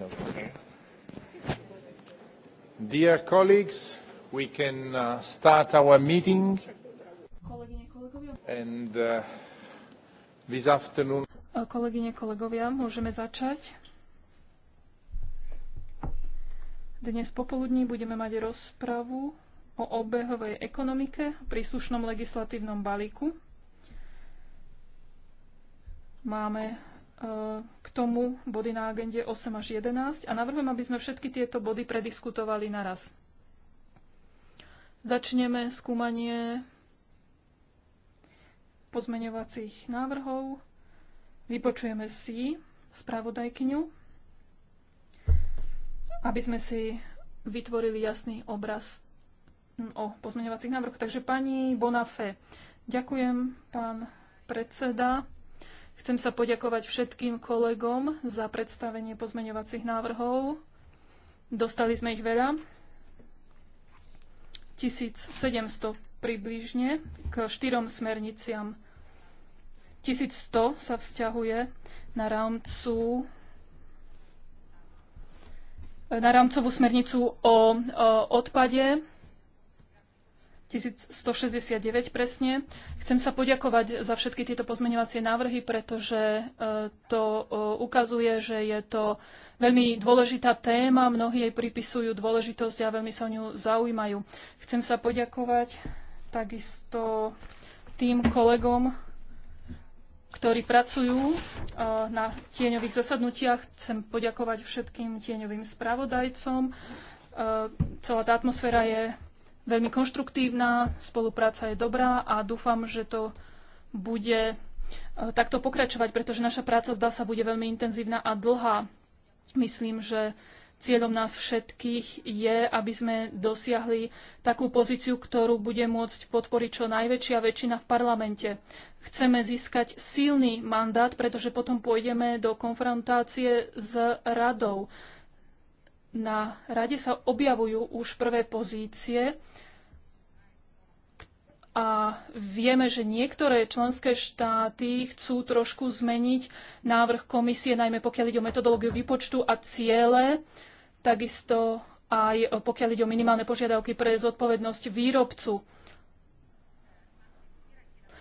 also. Dear colleagues, we can uh, start our meeting. And uh, this afternoon. Uh, kolegyne, kolegovia, môžeme začať. Dnes popoludní budeme mať rozpravu o obehovej ekonomike príslušnom legislatívnom balíku. Máme E, k tomu body na agende 8 až 11 a navrhujem, aby sme všetky tieto body prediskutovali naraz. Začneme skúmanie pozmeňovacích návrhov. Vypočujeme si spravodajkyňu, aby sme si vytvorili jasný obraz o pozmeňovacích návrhoch. Takže pani Bonafé, ďakujem, pán predseda. Chcem sa poďakovať všetkým kolegom za predstavenie pozmeňovacích návrhov. Dostali sme ich veľa. 1700 približne k štyrom smerniciam. 1100 sa vzťahuje na rámcu na rámcovú smernicu o, o odpade, 1169 presne. Chcem sa poďakovať za všetky tieto pozmeňovacie návrhy, pretože e, to e, ukazuje, že je to veľmi dôležitá téma, mnohí jej pripisujú dôležitosť a veľmi sa o ňu zaujímajú. Chcem sa poďakovať takisto tým kolegom, ktorí pracujú e, na tieňových zasadnutiach. Chcem poďakovať všetkým tieňovým spravodajcom. Celá tá atmosféra je veľmi konštruktívna, spolupráca je dobrá a dúfam, že to bude e, takto pokračovať, pretože naša práca zdá sa bude veľmi intenzívna a dlhá. Myslím, že cieľom nás všetkých je, aby sme dosiahli takú pozíciu, ktorú bude môcť podporiť čo najväčšia väčšina v parlamente. Chceme získať silný mandát, pretože potom pôjdeme do konfrontácie s radou na rade sa objavujú už prvé pozície a vieme, že niektoré členské štáty chcú trošku zmeniť návrh komisie, najmä pokiaľ ide o metodológiu výpočtu a ciele, takisto aj pokiaľ ide o minimálne požiadavky pre zodpovednosť výrobcu.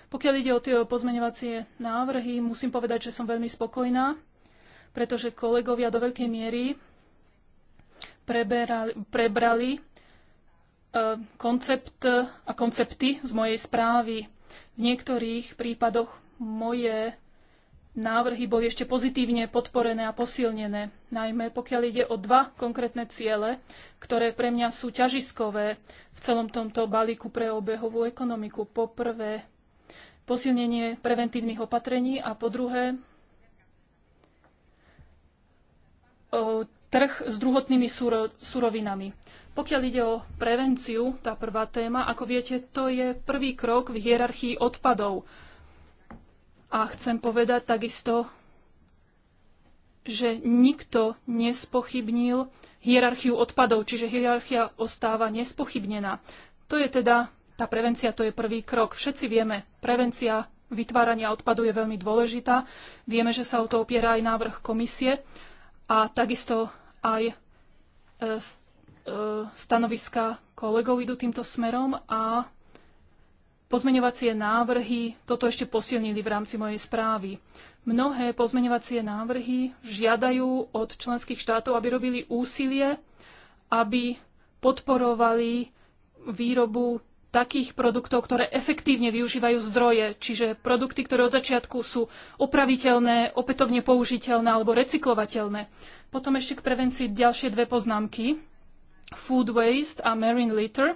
Pokiaľ ide o tie pozmeňovacie návrhy, musím povedať, že som veľmi spokojná, pretože kolegovia do veľkej miery preberali, prebrali e, koncept a koncepty z mojej správy. V niektorých prípadoch moje návrhy boli ešte pozitívne podporené a posilnené, najmä pokiaľ ide o dva konkrétne ciele, ktoré pre mňa sú ťažiskové v celom tomto balíku pre obehovú ekonomiku. Po prvé, posilnenie preventívnych opatrení a po druhé, trh s druhotnými surovinami. Pokiaľ ide o prevenciu, tá prvá téma, ako viete, to je prvý krok v hierarchii odpadov. A chcem povedať takisto, že nikto nespochybnil hierarchiu odpadov, čiže hierarchia ostáva nespochybnená. To je teda, tá prevencia to je prvý krok. Všetci vieme, prevencia vytvárania odpadu je veľmi dôležitá. Vieme, že sa o to opiera aj návrh komisie a takisto aj e, e, stanoviska kolegov idú týmto smerom a pozmeňovacie návrhy toto ešte posilnili v rámci mojej správy. Mnohé pozmeňovacie návrhy žiadajú od členských štátov, aby robili úsilie, aby podporovali výrobu takých produktov, ktoré efektívne využívajú zdroje, čiže produkty, ktoré od začiatku sú opraviteľné, opätovne použiteľné alebo recyklovateľné. Potom ešte k prevencii ďalšie dve poznámky. Food waste a marine litter, e,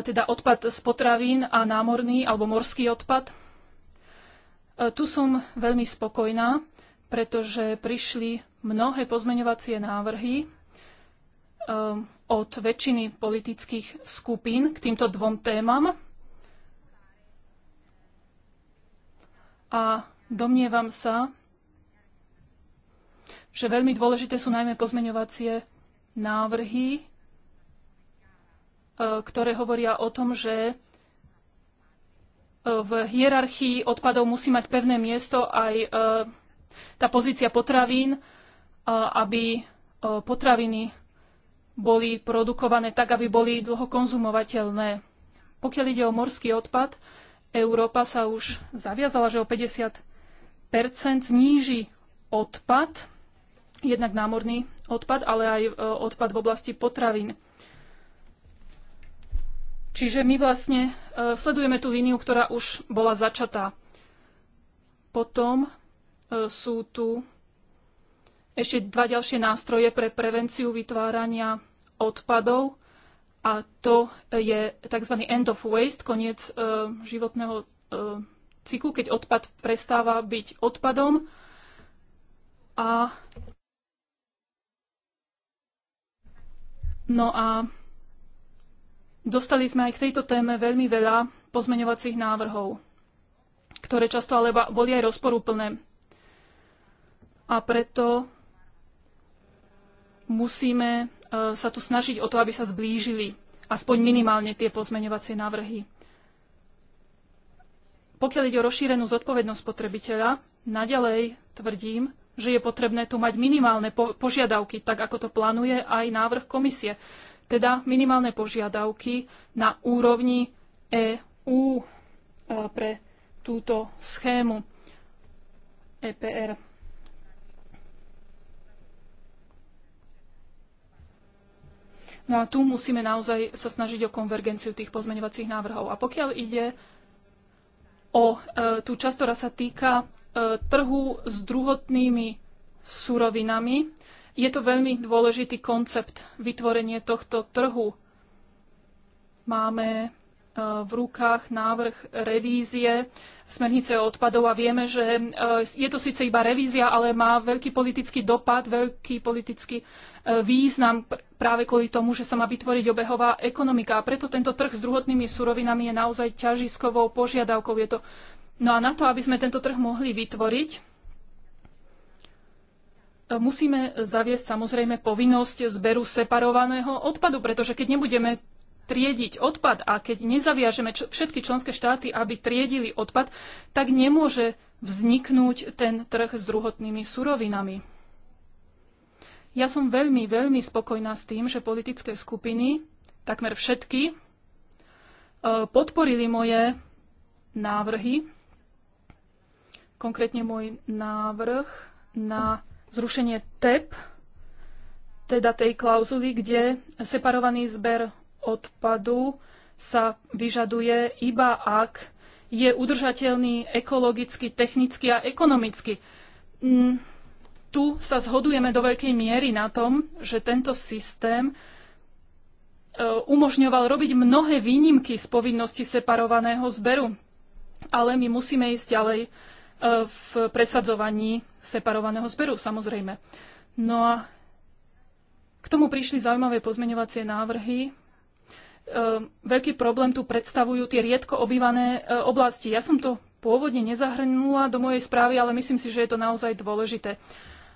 teda odpad z potravín a námorný alebo morský odpad. E, tu som veľmi spokojná, pretože prišli mnohé pozmeňovacie návrhy, Um, od väčšiny politických skupín k týmto dvom témam. A domnievam sa, že veľmi dôležité sú najmä pozmeňovacie návrhy, uh, ktoré hovoria o tom, že uh, v hierarchii odpadov musí mať pevné miesto aj uh, tá pozícia potravín, aby potraviny boli produkované tak, aby boli dlho konzumovateľné. Pokiaľ ide o morský odpad, Európa sa už zaviazala, že o 50 zníži odpad, jednak námorný odpad, ale aj e, odpad v oblasti potravín. Čiže my vlastne e, sledujeme tú líniu, ktorá už bola začatá. Potom e, sú tu ešte dva ďalšie nástroje pre prevenciu vytvárania odpadov a to je tzv. end of waste, koniec e, životného e, cyklu, keď odpad prestáva byť odpadom a No a dostali sme aj k tejto téme veľmi veľa pozmeňovacích návrhov, ktoré často ale boli aj rozporúplné. A preto musíme Eh, sa tu snažiť o to, aby sa zblížili aspoň minimálne tie pozmeňovacie návrhy. Pokiaľ ide o rozšírenú zodpovednosť spotrebiteľa, naďalej tvrdím, že je potrebné tu mať minimálne požiadavky, tak ako to plánuje aj návrh komisie. Teda minimálne požiadavky na úrovni EU eh, pre túto schému EPR. No a tu musíme naozaj sa snažiť o konvergenciu tých pozmeňovacích návrhov. A pokiaľ ide o e, tú časť, ktorá sa týka e, trhu s druhotnými surovinami, je to veľmi dôležitý koncept vytvorenie tohto trhu. Máme e, v rukách návrh revízie smernice o odpadov a vieme, že e, je to síce iba revízia, ale má veľký politický dopad, veľký politický e, význam práve kvôli tomu, že sa má vytvoriť obehová ekonomika. A preto tento trh s druhotnými surovinami je naozaj ťažiskovou požiadavkou. Je to... No a na to, aby sme tento trh mohli vytvoriť, e, musíme zaviesť samozrejme povinnosť zberu separovaného odpadu, pretože keď nebudeme triediť odpad a keď nezaviažeme všetky členské štáty, aby triedili odpad, tak nemôže vzniknúť ten trh s druhotnými surovinami. Ja som veľmi, veľmi spokojná s tým, že politické skupiny, takmer všetky, e, podporili moje návrhy, konkrétne môj návrh na zrušenie TEP, teda tej klauzuly, kde separovaný zber odpadu sa vyžaduje iba ak je udržateľný ekologicky, technicky a ekonomicky. Mm, tu sa zhodujeme do veľkej miery na tom, že tento systém e, umožňoval robiť mnohé výnimky z povinnosti separovaného zberu. Ale my musíme ísť ďalej e, v presadzovaní separovaného zberu, samozrejme. No a k tomu prišli zaujímavé pozmeňovacie návrhy Ehm, veľký problém tu predstavujú tie riedko obývané e, oblasti. Ja som to pôvodne nezahrnula do mojej správy, ale myslím si, že je to naozaj dôležité.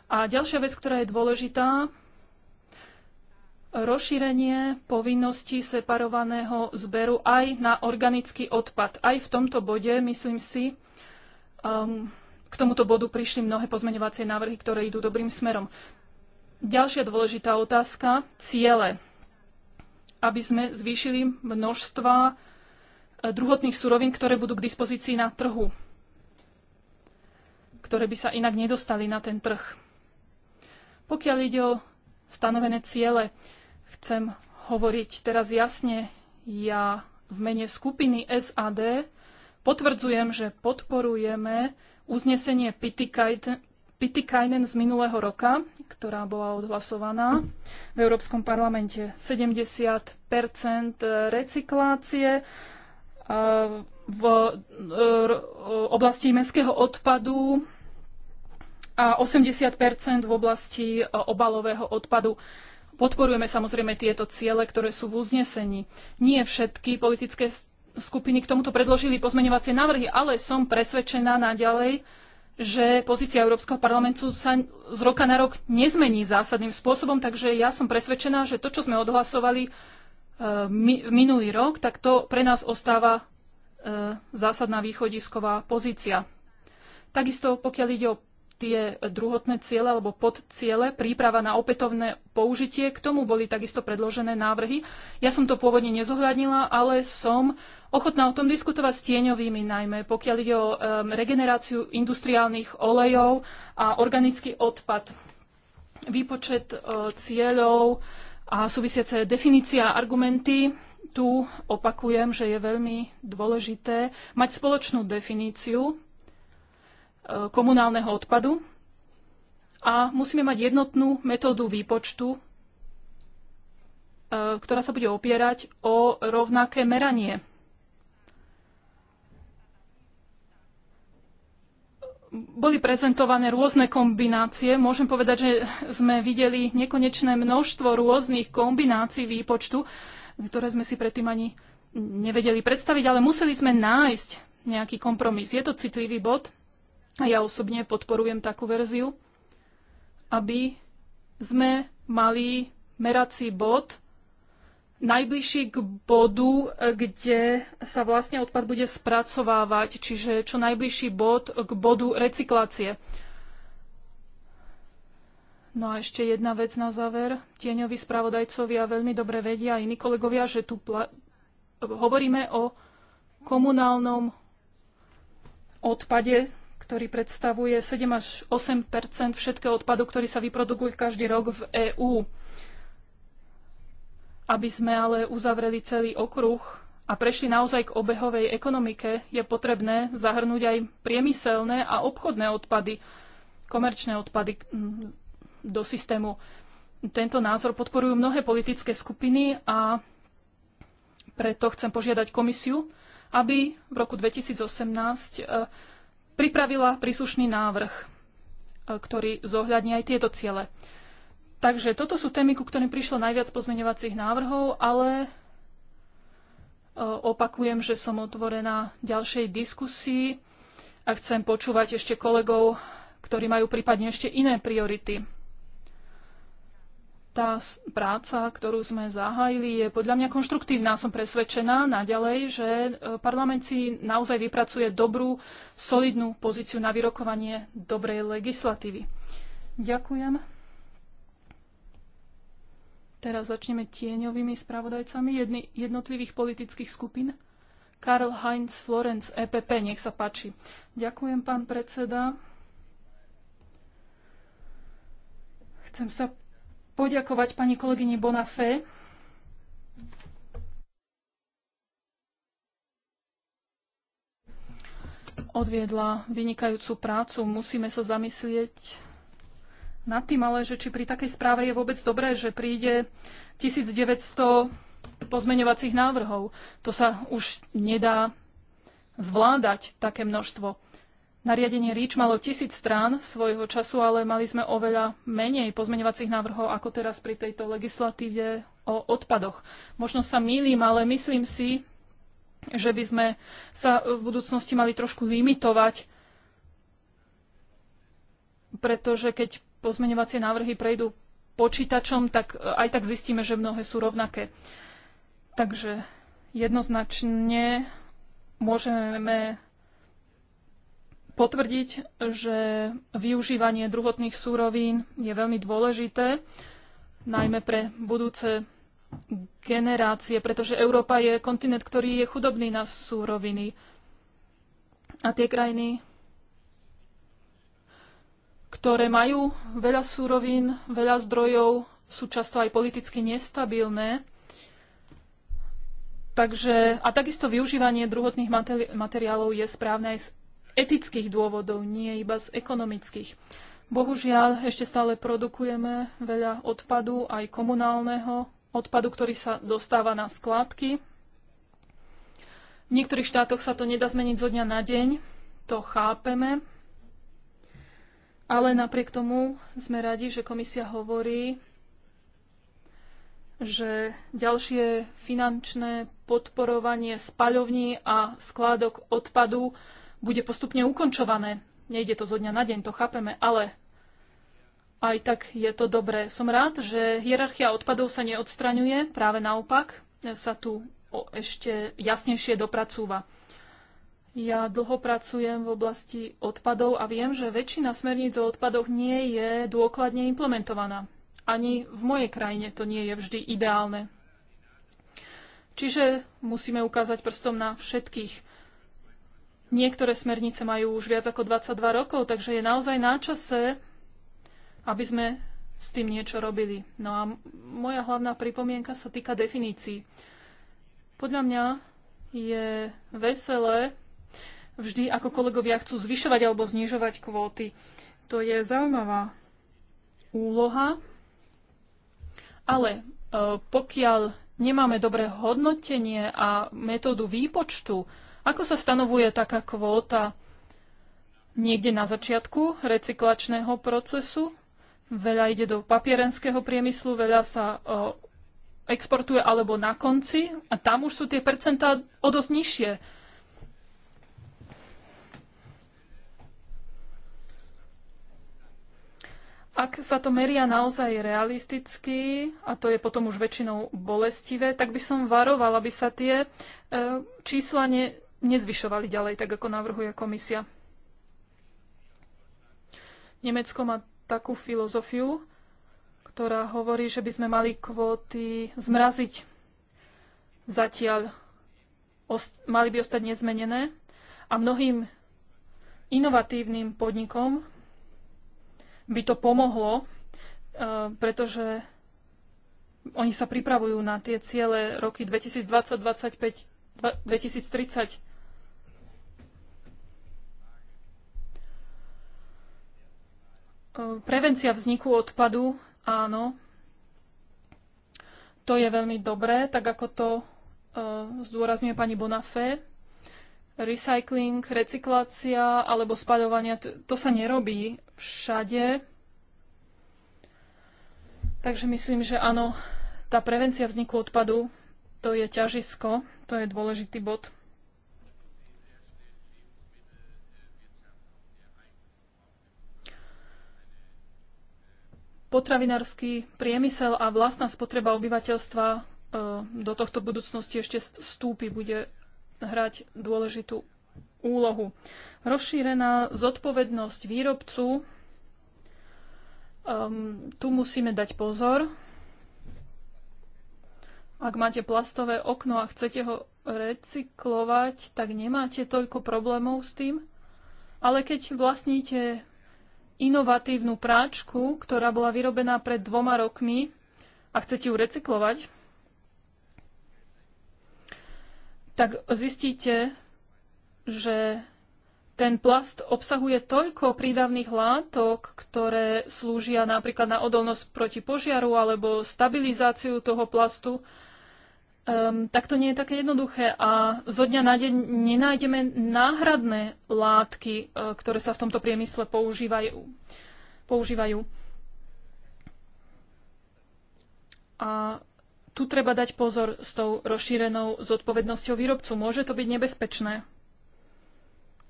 A ďalšia vec, ktorá je dôležitá, rozšírenie povinnosti separovaného zberu aj na organický odpad. Aj v tomto bode, myslím si, um, k tomuto bodu prišli mnohé pozmeňovacie návrhy, ktoré idú dobrým smerom. Ďalšia dôležitá otázka, ciele aby sme zvýšili množstva e, druhotných surovín, ktoré budú k dispozícii na trhu, ktoré by sa inak nedostali na ten trh. Pokiaľ ide o stanovené ciele, chcem hovoriť teraz jasne. Ja v mene skupiny SAD potvrdzujem, že podporujeme uznesenie Pitikajtena Pitikainen z minulého roka, ktorá bola odhlasovaná v Európskom parlamente. 70 recyklácie e, v e, oblasti mestského odpadu a 80 v oblasti e, obalového odpadu. Podporujeme samozrejme tieto ciele, ktoré sú v uznesení. Nie všetky politické skupiny k tomuto predložili pozmeňovacie návrhy, ale som presvedčená naďalej, že pozícia Európskeho parlamentu sa z roka na rok nezmení zásadným spôsobom, takže ja som presvedčená, že to, čo sme odhlasovali e, minulý rok, tak to pre nás ostáva e, zásadná východisková pozícia. Takisto pokiaľ ide o tie druhotné ciele alebo podciele, príprava na opätovné použitie. K tomu boli takisto predložené návrhy. Ja som to pôvodne nezohľadnila, ale som ochotná o tom diskutovať s tieňovými, najmä pokiaľ ide o regeneráciu industriálnych olejov a organický odpad, výpočet e, cieľov a súvisiace definícia a argumenty. Tu opakujem, že je veľmi dôležité mať spoločnú definíciu E, komunálneho odpadu a musíme mať jednotnú metódu výpočtu, e, ktorá sa bude opierať o rovnaké meranie. Boli prezentované rôzne kombinácie. Môžem povedať, že sme videli nekonečné množstvo rôznych kombinácií výpočtu, ktoré sme si predtým ani nevedeli predstaviť, ale museli sme nájsť nejaký kompromis. Je to citlivý bod, a ja osobne podporujem takú verziu, aby sme mali merací bod najbližší k bodu, kde sa vlastne odpad bude spracovávať, čiže čo najbližší bod k bodu recyklácie. No a ešte jedna vec na záver. Tieňoví spravodajcovia veľmi dobre vedia, iní kolegovia, že tu hovoríme o komunálnom odpade ktorý predstavuje 7 až 8 všetkého odpadu, ktorý sa vyprodukuje každý rok v EÚ. Aby sme ale uzavreli celý okruh a prešli naozaj k obehovej ekonomike, je potrebné zahrnúť aj priemyselné a obchodné odpady, komerčné odpady mm, do systému. Tento názor podporujú mnohé politické skupiny a preto chcem požiadať komisiu, aby v roku 2018 pripravila príslušný návrh, e, ktorý zohľadní aj tieto ciele. Takže toto sú témy, ku ktorým prišlo najviac pozmeňovacích návrhov, ale e, opakujem, že som otvorená ďalšej diskusii a chcem počúvať ešte kolegov, ktorí majú prípadne ešte iné priority tá práca, ktorú sme zahájili, je podľa mňa konštruktívna. Som presvedčená naďalej, že e, parlament si naozaj vypracuje dobrú, solidnú pozíciu na vyrokovanie dobrej legislatívy. Ďakujem. Teraz začneme tieňovými spravodajcami jedny, jednotlivých politických skupín. Karl Heinz Florenz, EPP, nech sa páči. Ďakujem, pán predseda. Chcem sa poďakovať pani kolegyni Bonafé. Odviedla vynikajúcu prácu. Musíme sa zamyslieť nad tým, ale že či pri takej správe je vôbec dobré, že príde 1900 pozmeňovacích návrhov. To sa už nedá zvládať také množstvo. Nariadenie REACH malo tisíc strán svojho času, ale mali sme oveľa menej pozmeňovacích návrhov ako teraz pri tejto legislatíve o odpadoch. Možno sa mýlim, ale myslím si, že by sme sa v budúcnosti mali trošku limitovať, pretože keď pozmeňovacie návrhy prejdú počítačom, tak e, aj tak zistíme, že mnohé sú rovnaké. Takže jednoznačne môžeme potvrdiť, že využívanie druhotných súrovín je veľmi dôležité, najmä pre budúce generácie, pretože Európa je kontinent, ktorý je chudobný na súroviny. A tie krajiny, ktoré majú veľa súrovín, veľa zdrojov, sú často aj politicky nestabilné. Takže, a takisto využívanie druhotných materiálov je správne aj z etických dôvodov, nie iba z ekonomických. Bohužiaľ, ešte stále produkujeme veľa odpadu, aj komunálneho odpadu, ktorý sa dostáva na skládky. V niektorých štátoch sa to nedá zmeniť zo dňa na deň, to chápeme. Ale napriek tomu sme radi, že komisia hovorí, že ďalšie finančné podporovanie spaľovní a skládok odpadu bude postupne ukončované. Nejde to zo dňa na deň, to chápeme, ale aj tak je to dobré. Som rád, že hierarchia odpadov sa neodstraňuje, práve naopak sa tu o ešte jasnejšie dopracúva. Ja dlho pracujem v oblasti odpadov a viem, že väčšina smerníc o odpadoch nie je dôkladne implementovaná. Ani v mojej krajine to nie je vždy ideálne. Čiže musíme ukázať prstom na všetkých. Niektoré smernice majú už viac ako 22 rokov, takže je naozaj na čase, aby sme s tým niečo robili. No a moja hlavná pripomienka sa týka definícií. Podľa mňa je veselé vždy, ako kolegovia chcú zvyšovať alebo znižovať kvóty. To je zaujímavá úloha, ale e, pokiaľ nemáme dobré hodnotenie a metódu výpočtu, ako sa stanovuje taká kvóta? Niekde na začiatku recyklačného procesu? Veľa ide do papierenského priemyslu, veľa sa o, exportuje alebo na konci a tam už sú tie percentá o dosť nižšie. Ak sa to meria naozaj realisticky, a to je potom už väčšinou bolestivé, tak by som varovala, aby sa tie e, čísla ne, nezvyšovali ďalej, tak ako navrhuje komisia. Nemecko má takú filozofiu, ktorá hovorí, že by sme mali kvóty zmraziť. Zatiaľ mali by ostať nezmenené a mnohým inovatívnym podnikom by to pomohlo, e, pretože oni sa pripravujú na tie ciele roky 2020, 2025, 2030 Ehm, prevencia vzniku odpadu, áno, to je veľmi dobré, tak ako to ehm, zdôrazňuje pani Bonafé. Recycling, recyklácia alebo spaľovania, to sa nerobí všade. Takže myslím, že áno, tá prevencia vzniku odpadu, to je ťažisko, to je dôležitý bod. potravinársky priemysel a vlastná spotreba obyvateľstva e, do tohto budúcnosti ešte vstúpi, bude hrať dôležitú úlohu. Rozšírená zodpovednosť výrobcu. um, tu musíme dať pozor. Ak máte plastové okno a chcete ho recyklovať, tak nemáte toľko problémov s tým. Ale keď vlastníte inovatívnu práčku, ktorá bola vyrobená pred dvoma rokmi a chcete ju recyklovať, tak zistíte, že ten plast obsahuje toľko prídavných látok, ktoré slúžia napríklad na odolnosť proti požiaru alebo stabilizáciu toho plastu, um, tak to nie je také jednoduché a zo dňa na deň nenájdeme náhradné látky, e, ktoré sa v tomto priemysle používajú. používajú. A tu treba dať pozor s tou rozšírenou zodpovednosťou výrobcu. Môže to byť nebezpečné,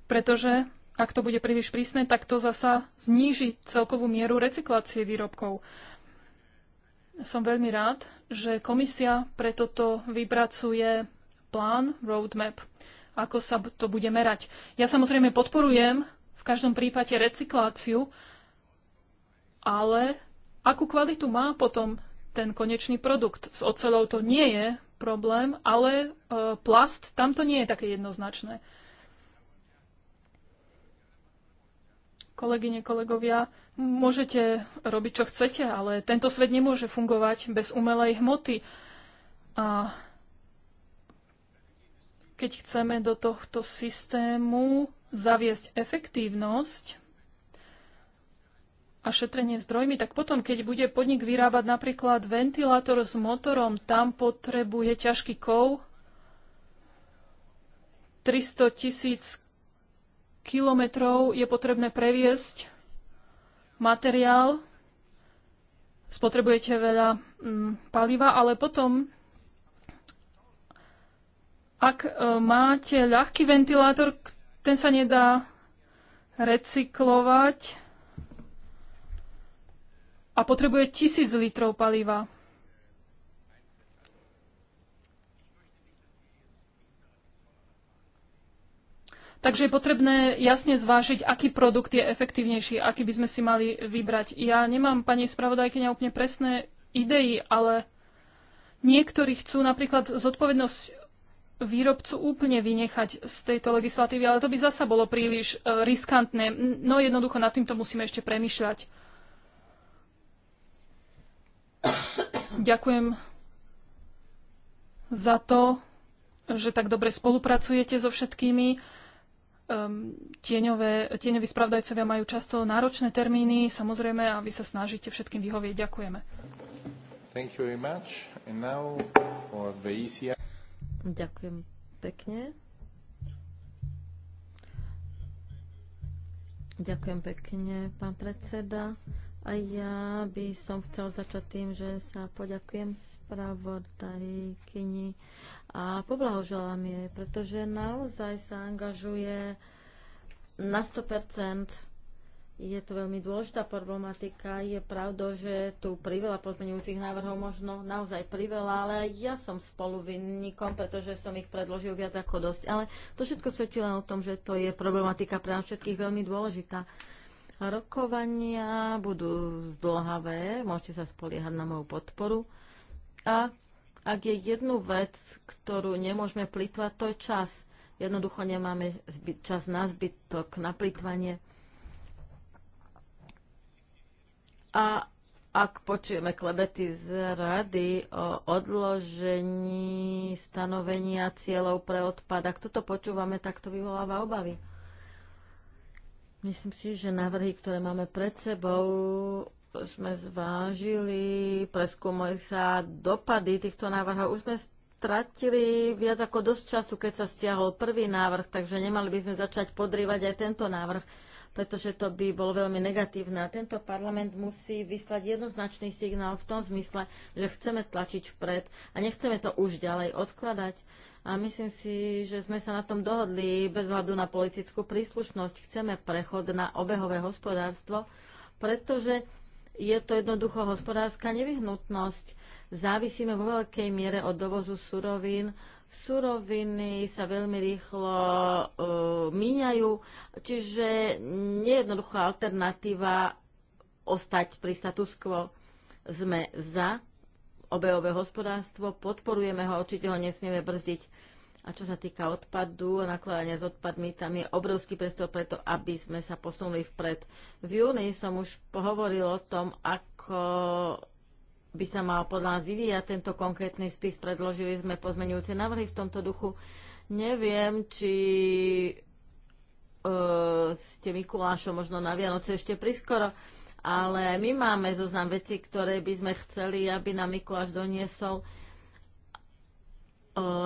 pretože ak to bude príliš prísne, tak to zasa zníži celkovú mieru recyklácie výrobkov. Som veľmi rád, že komisia pre toto vypracuje plán, roadmap, ako sa to bude merať. Ja samozrejme podporujem v každom prípade recykláciu, ale akú kvalitu má potom ten konečný produkt? S ocelou to nie je problém, ale e, plast tam to nie je také jednoznačné. kolegyne, kolegovia, môžete robiť, čo chcete, ale tento svet nemôže fungovať bez umelej hmoty. A keď chceme do tohto systému zaviesť efektívnosť a šetrenie zdrojmi, tak potom, keď bude podnik vyrábať napríklad ventilátor s motorom, tam potrebuje ťažký kov, 300 tisíc kilometrov je potrebné previesť materiál. Spotrebujete veľa mm, paliva, ale potom, ak e, máte ľahký ventilátor, ten sa nedá recyklovať a potrebuje tisíc litrov paliva. Takže je potrebné jasne zvážiť, aký produkt je efektívnejší, aký by sme si mali vybrať. Ja nemám, pani spravodajkyňa, úplne presné idei, ale niektorí chcú napríklad zodpovednosť výrobcu úplne vynechať z tejto legislatívy, ale to by zasa bolo príliš e, riskantné. No jednoducho nad týmto musíme ešte premyšľať. Ďakujem za to, že tak dobre spolupracujete so všetkými um, tieňové, tieňoví spravdajcovia majú často náročné termíny, samozrejme, a vy sa snažíte všetkým vyhovieť. Ďakujeme. Thank you very much. And now for the ECR. Ďakujem pekne. Ďakujem pekne, pán predseda. A ja by som chcel začať tým, že sa poďakujem spravodajkyni a poblahoželám jej, pretože naozaj sa angažuje na 100%. Je to veľmi dôležitá problematika. Je pravda, že tu priveľa pozmeňujúcich návrhov, možno naozaj priveľa, ale ja som spoluvinníkom, pretože som ich predložil viac ako dosť. Ale to všetko svedčí len o tom, že to je problematika pre nás všetkých veľmi dôležitá. Rokovania budú zdlhavé, môžete sa spoliehať na moju podporu. A ak je jednu vec, ktorú nemôžeme plýtvať, to je čas. Jednoducho nemáme čas na zbytok, na plýtvanie. A ak počujeme klebety z rady o odložení stanovenia cieľov pre odpad, ak toto počúvame, tak to vyvoláva obavy. Myslím si, že návrhy, ktoré máme pred sebou, sme zvážili, preskúmali sa dopady týchto návrhov. Už sme stratili viac ako dosť času, keď sa stiahol prvý návrh, takže nemali by sme začať podrývať aj tento návrh, pretože to by bolo veľmi negatívne. A tento parlament musí vyslať jednoznačný signál v tom zmysle, že chceme tlačiť vpred a nechceme to už ďalej odkladať a myslím si, že sme sa na tom dohodli bez hľadu na politickú príslušnosť. Chceme prechod na obehové hospodárstvo, pretože je to jednoducho hospodárska nevyhnutnosť. Závisíme vo veľkej miere od dovozu surovín. Suroviny sa veľmi rýchlo uh, míňajú, čiže nejednoduchá alternatíva ostať pri status quo. Sme za obehové hospodárstvo, podporujeme ho, určite ho nesmieme brzdiť. A čo sa týka odpadu a nakladania s odpadmi, tam je obrovský priestor preto, aby sme sa posunuli vpred. V júni som už pohovoril o tom, ako by sa mal podľa nás vyvíjať tento konkrétny spis. Predložili sme pozmenujúce návrhy v tomto duchu. Neviem, či e, ste Mikulášom možno na Vianoce ešte priskoro. E, ale my máme zoznam veci, ktoré by sme chceli, aby nám Mikuláš doniesol.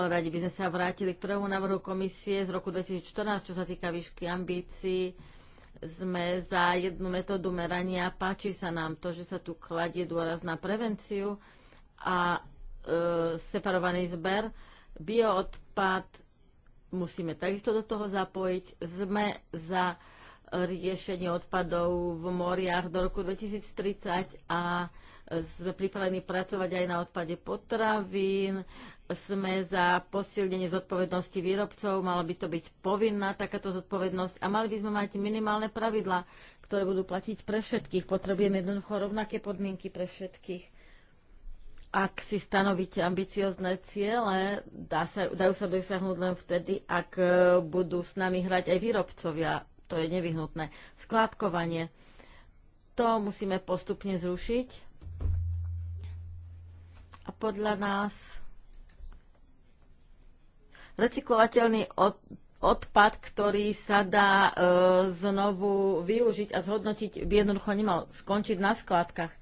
Radi by sme sa vrátili k prvému návrhu komisie z roku 2014, čo sa týka výšky ambícií. Sme za jednu metódu merania. Páči sa nám to, že sa tu kladie dôraz na prevenciu a e, separovaný zber. Bioodpad musíme takisto do toho zapojiť. Sme za riešenie odpadov v moriach do roku 2030 a sme pripravení pracovať aj na odpade potravín, sme za posilnenie zodpovednosti výrobcov, mala by to byť povinná takáto zodpovednosť a mali by sme mať minimálne pravidla, ktoré budú platiť pre všetkých. Potrebujeme jednoducho rovnaké podmienky pre všetkých. Ak si stanovíte ambiciozne ciele, dá sa, dajú sa dosiahnuť len vtedy, ak eh, budú s nami hrať aj výrobcovia to je nevyhnutné. Skládkovanie, to musíme postupne zrušiť. A podľa nás recyklovateľný od, odpad, ktorý sa dá e, znovu využiť a zhodnotiť, by jednoducho nemal skončiť na skládkach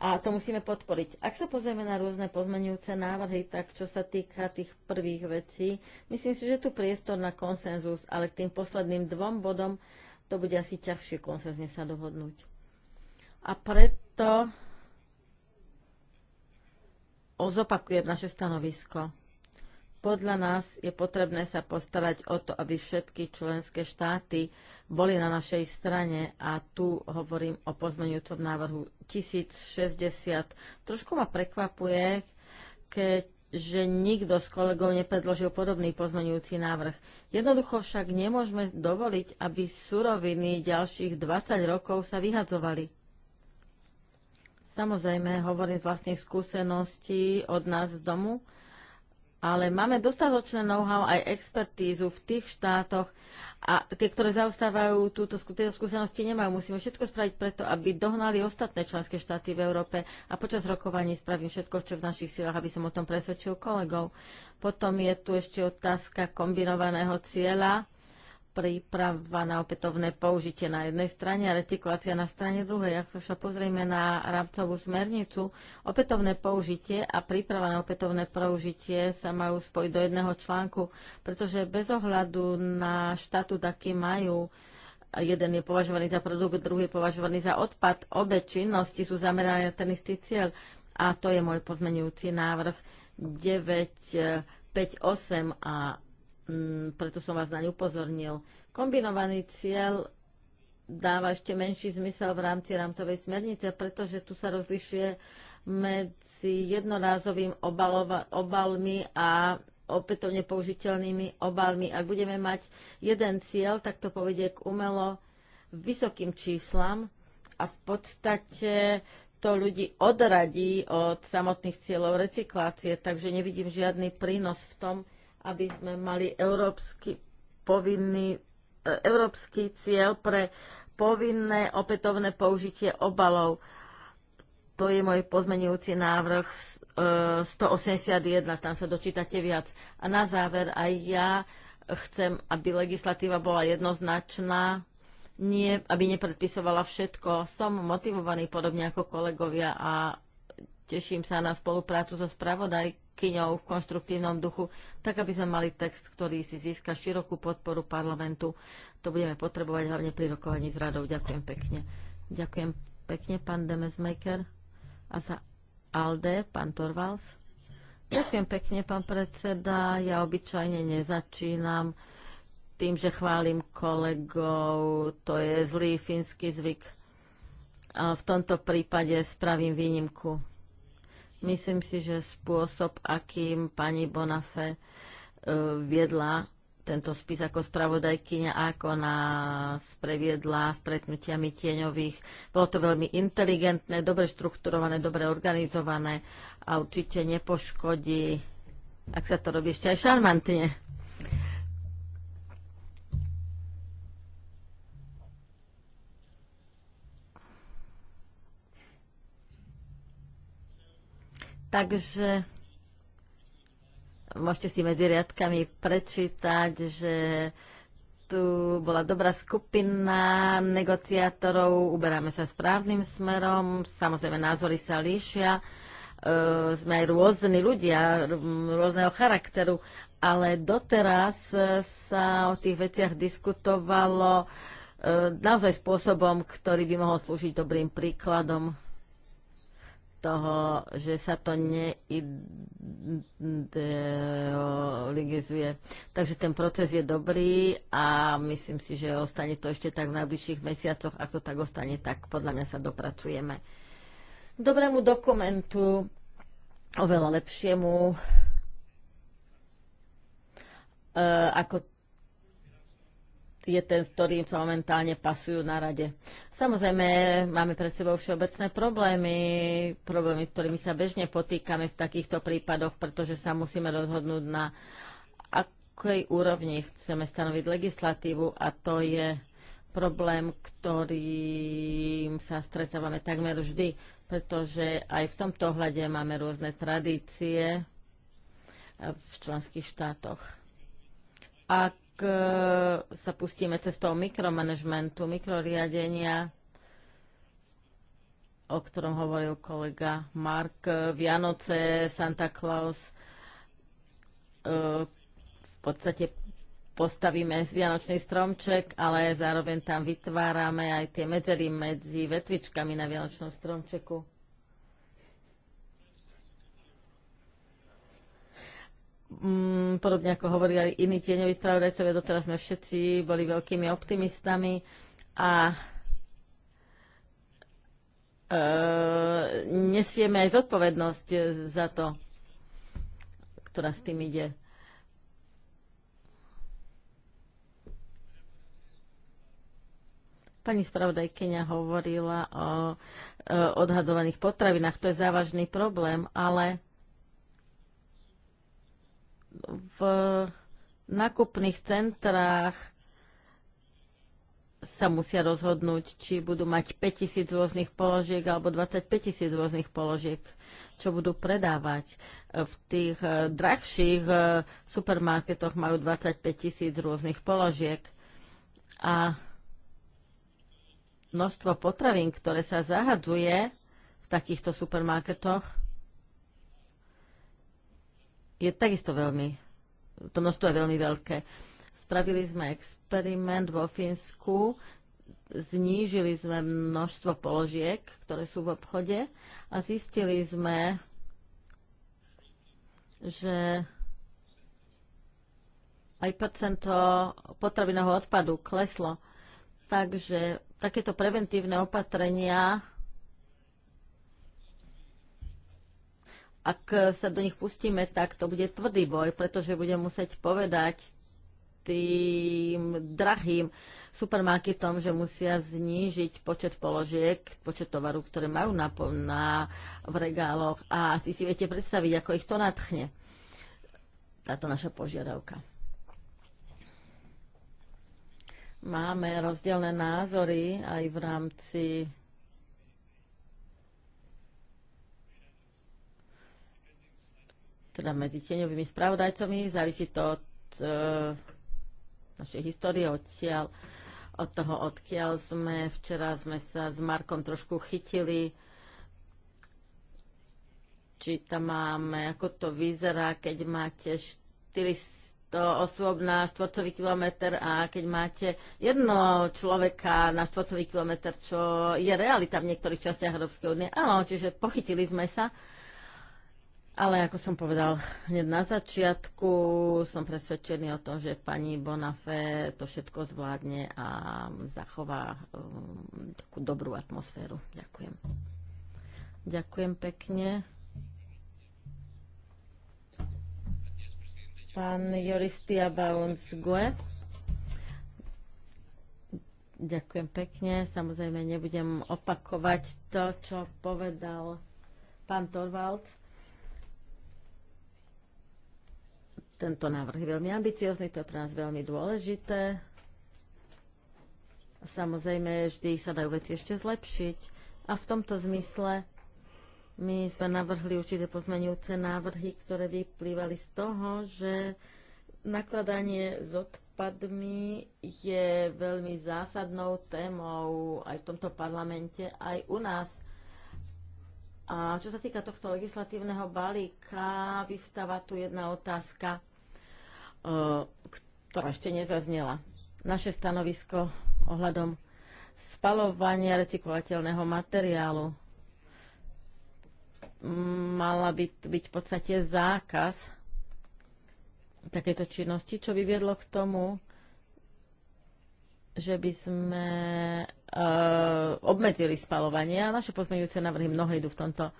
a to musíme podporiť. Ak sa pozrieme na rôzne pozmenujúce návrhy, tak čo sa týka tých prvých vecí, myslím si, že je tu priestor na konsenzus, ale k tým posledným dvom bodom to bude asi ťažšie konsenzne sa dohodnúť. A preto ozopakujem naše stanovisko. Podľa nás je potrebné sa postarať o to, aby všetky členské štáty boli na našej strane a tu hovorím o pozmenujúcom návrhu 1060. Trošku ma prekvapuje, keď že nikto z kolegov nepredložil podobný pozmeňujúci návrh. Jednoducho však nemôžeme dovoliť, aby suroviny ďalších 20 rokov sa vyhadzovali. Samozrejme, hovorím z vlastných skúseností od nás z domu, ale máme dostatočné know-how aj expertízu v tých štátoch a tie, ktoré zaostávajú túto skúsenosti, nemajú. Musíme všetko spraviť preto, aby dohnali ostatné členské štáty v Európe a počas rokovaní spravím všetko, čo v našich silách, aby som o tom presvedčil kolegov. Potom je tu ešte otázka kombinovaného cieľa príprava na opätovné použitie na jednej strane a recyklácia na strane druhej. Ak sa však pozrieme na rámcovú smernicu, opätovné použitie a príprava na opätovné použitie sa majú spojiť do jedného článku, pretože bez ohľadu na štatút, aký majú, jeden je považovaný za produkt, druhý je považovaný za odpad. Obe činnosti sú zamerané na ten istý cieľ a to je môj pozmenujúci návrh 9, 5, 8 a Mm, preto som vás na ňu upozornil. Kombinovaný cieľ dáva ešte menší zmysel v rámci rámcovej smernice, pretože tu sa rozlišuje medzi jednorázovým obalova, obalmi a opätovne použiteľnými obalmi. Ak budeme mať jeden cieľ, tak to povedie k umelo vysokým číslam a v podstate to ľudí odradí od samotných cieľov recyklácie, takže nevidím žiadny prínos v tom, aby sme mali európsky povinný, e, európsky cieľ pre povinné opätovné použitie obalov. To je môj pozmenujúci návrh 181, e, tam sa dočítate viac. A na záver aj ja chcem, aby legislatíva bola jednoznačná, nie, aby nepredpisovala všetko. Som motivovaný podobne ako kolegovia a teším sa na spoluprácu so spravodajkou spravodajkyňou v konštruktívnom duchu, tak aby sme mali text, ktorý si získa širokú podporu parlamentu. To budeme potrebovať hlavne pri rokovaní s radou. Ďakujem pekne. Ďakujem pekne, pán Demesmaker. A za Alde, pán Torvalds. Ďakujem pekne, pán predseda. Ja obyčajne nezačínam tým, že chválim kolegov. To je zlý fínsky zvyk. A v tomto prípade spravím výnimku. Myslím si, že spôsob, akým pani Bonafé e, viedla tento spis ako spravodajkyňa, ako nás previedla stretnutiami tieňových. Bolo to veľmi inteligentné, dobre štrukturované, dobre organizované a určite nepoškodí, ak sa to robí ešte aj šarmantne Takže môžete si medzi riadkami prečítať, že tu bola dobrá skupina negociátorov, uberáme sa správnym smerom, samozrejme názory sa líšia, e, sme aj rôzni ľudia, rôzneho charakteru, ale doteraz sa o tých veciach diskutovalo e, naozaj spôsobom, ktorý by mohol slúžiť dobrým príkladom toho, že sa to neideologizuje. Takže ten proces je dobrý a myslím si, že ostane to ešte tak v najbližších mesiacoch. Ak to tak ostane, tak podľa mňa sa dopracujeme k dobrému dokumentu, oveľa lepšiemu, e, ako je ten, s ktorým sa momentálne pasujú na rade. Samozrejme, máme pred sebou všeobecné problémy, problémy, s ktorými sa bežne potýkame v takýchto prípadoch, pretože sa musíme rozhodnúť na akej úrovni chceme stanoviť legislatívu a to je problém, ktorým sa stretávame takmer vždy, pretože aj v tomto ohľade máme rôzne tradície v členských štátoch. A E, sa pustíme cestou mikromanagementu, mikroriadenia, o ktorom hovoril kolega Mark, Vianoce, Santa Claus, e, v podstate postavíme vianočný stromček, ale zároveň tam vytvárame aj tie medzery medzi vetvičkami na vianočnom stromčeku. Mm, podobne ako hovorili aj iní tieňoví spravodajcovia, doteraz sme všetci boli veľkými optimistami a e, nesieme aj zodpovednosť za to, ktorá s tým ide. Pani spravodajkyňa hovorila o, o e, odhadovaných potravinách. To je závažný problém, ale v nakupných centrách sa musia rozhodnúť, či budú mať 5000 rôznych položiek alebo 25 tisíc rôznych položiek, čo budú predávať. V tých eh, drahších eh, supermarketoch majú 25 tisíc rôznych položiek a množstvo potravín, ktoré sa zahadzuje v takýchto supermarketoch, je takisto veľmi, to množstvo je veľmi veľké. Spravili sme experiment vo Fínsku, znížili sme množstvo položiek, ktoré sú v obchode a zistili sme, že aj percento potravinového odpadu kleslo. Takže takéto preventívne opatrenia ak sa do nich pustíme, tak to bude tvrdý boj, pretože budem musieť povedať tým drahým supermarketom, že musia znížiť počet položiek, počet tovaru, ktoré majú na, na, v regáloch a asi si viete predstaviť, ako ich to natchne táto naša požiadavka. Máme rozdielne názory aj v rámci teda medzi tieňovými spravodajcami. Závisí to od e, našej histórie, odtiaľ, od toho, odkiaľ sme. Včera sme sa s Markom trošku chytili, či tam máme, ako to vyzerá, keď máte 400 osôb na štvorcový kilometr a keď máte jedno človeka na štvorcový kilometr, čo je realita v niektorých častiach Európskej únie. Áno, čiže pochytili sme sa. Uh, ale ako som povedal hneď na začiatku, som presvedčený o tom, že pani Bonafé to všetko zvládne a zachová um, takú dobrú atmosféru. Ďakujem. Ďakujem pekne. Pán Joristia Baunz Guez. Ďakujem pekne. Samozrejme, nebudem opakovať to, čo povedal pán Torvald Tento návrh je veľmi ambiciózny, to je pre nás veľmi dôležité. Samozrejme, vždy sa dajú veci ešte zlepšiť. A v tomto zmysle my sme navrhli určité pozmenujúce návrhy, ktoré vyplývali z toho, že nakladanie s odpadmi je veľmi zásadnou témou aj v tomto parlamente, aj u nás. A čo sa týka tohto legislatívneho balíka, vyvstáva tu jedna otázka. E, ktorá ešte nezaznela. Naše stanovisko ohľadom spalovania recyklovateľného materiálu. Mala by byť v podstate zákaz takéto činnosti, čo by viedlo k tomu, že by sme e, obmedzili spalovanie a naše pozmeňujúce návrhy mnohé idú v tomto e,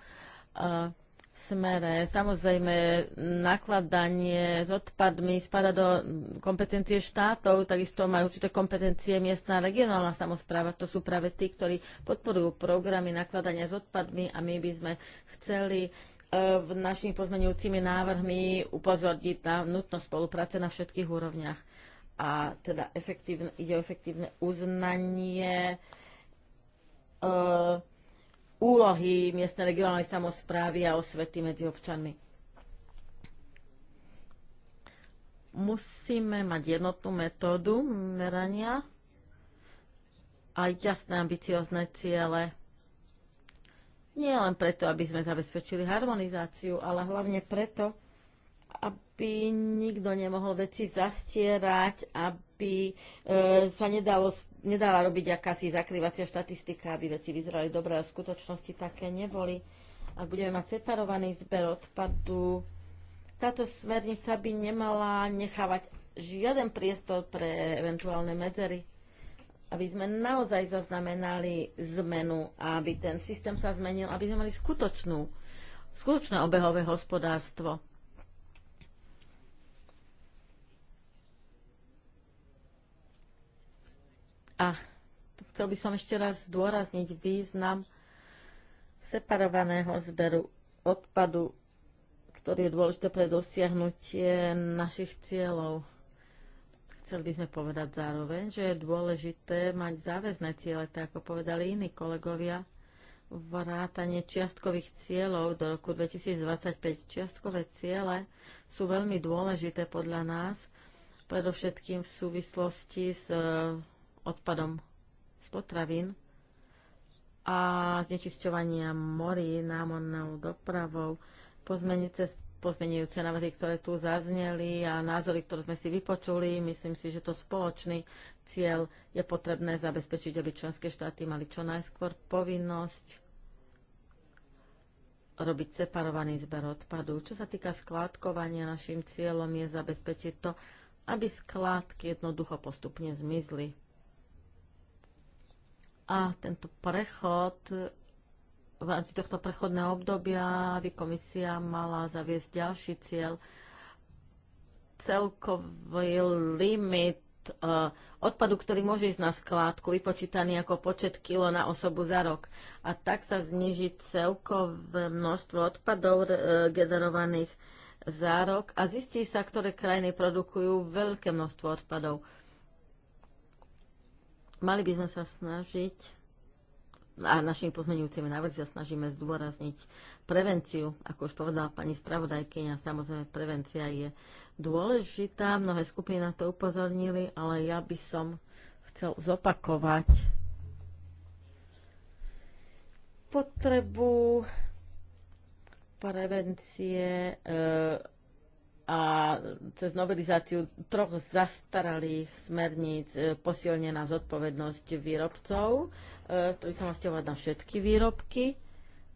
smere. Samozrejme, nakladanie s odpadmi spada do kompetencie štátov, takisto majú určité kompetencie miestna a regionálna samozpráva. To sú práve tí, ktorí podporujú programy nakladania s odpadmi a my by sme chceli e, v našimi pozmenujúcimi návrhmi upozorniť na nutnosť spolupráce na všetkých úrovniach. A teda efektívne, ide o efektívne uznanie e, úlohy miestnej regionálnej samozprávy a osvety medzi občanmi. Musíme mať jednotnú metódu merania a jasné ambiciozne ciele. Nie len preto, aby sme zabezpečili harmonizáciu, ale hlavne preto, aby nikto nemohol veci zastierať, aby e, sa nedalo nedala robiť akási zakrývacia štatistika, aby veci vyzerali dobre, a v skutočnosti také neboli. Ak budeme mať separovaný zber odpadu, táto smernica by nemala nechávať žiaden priestor pre eventuálne medzery, aby sme naozaj zaznamenali zmenu a aby ten systém sa zmenil, aby sme mali skutočnú, skutočné obehové hospodárstvo A chcel by som ešte raz zdôrazniť význam separovaného zberu odpadu, ktorý je dôležité pre dosiahnutie našich cieľov. Chceli by sme povedať zároveň, že je dôležité mať záväzné ciele, tak ako povedali iní kolegovia, vrátanie čiastkových cieľov do roku 2025. Čiastkové ciele sú veľmi dôležité podľa nás, predovšetkým v súvislosti s odpadom z potravín a znečisťovania morí námornou dopravou, pozmenujúce návrhy, ktoré tu zazneli a názory, ktoré sme si vypočuli. Myslím si, že to spoločný cieľ je potrebné zabezpečiť, aby členské štáty mali čo najskôr povinnosť robiť separovaný zber odpadu. Čo sa týka skládkovania, našim cieľom je zabezpečiť to, aby skládky jednoducho postupne zmizli a tento prechod, v rámci tohto prechodného obdobia by komisia mala zaviesť ďalší cieľ. Celkový limit eh, odpadu, ktorý môže ísť na skládku, vypočítaný ako počet kilo na osobu za rok. A tak sa zniží celkové množstvo odpadov eh, generovaných za rok a zistí sa, ktoré krajiny produkujú veľké množstvo odpadov. Mali by sme sa snažiť, a našimi pozmeňujúcimi návrhy sa snažíme zdôrazniť prevenciu, ako už povedala pani spravodajkyňa, samozrejme prevencia je dôležitá, mnohé skupiny na to upozornili, ale ja by som chcel zopakovať potrebu prevencie e, a cez novelizáciu troch zastaralých smerníc e, posilnená zodpovednosť výrobcov, e, ktorý sa má stiahovať na všetky výrobky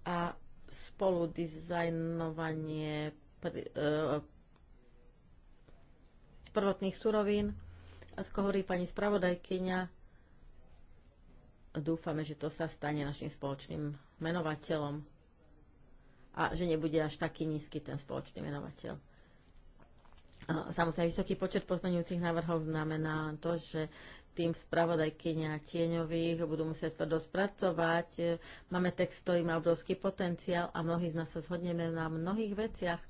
a spolu dizajnovanie e, prvotných surovín. Ako hovorí pani spravodajkyňa, dúfame, že to sa stane našim spoločným menovateľom a že nebude až taký nízky ten spoločný menovateľ. Samozrejme, vysoký počet pozmeňujúcich návrhov znamená to, že tým spravodajkynia tieňových budú musieť tvrdo spracovať. Máme text, ktorý má obrovský potenciál a mnohí z nás sa zhodneme na mnohých veciach.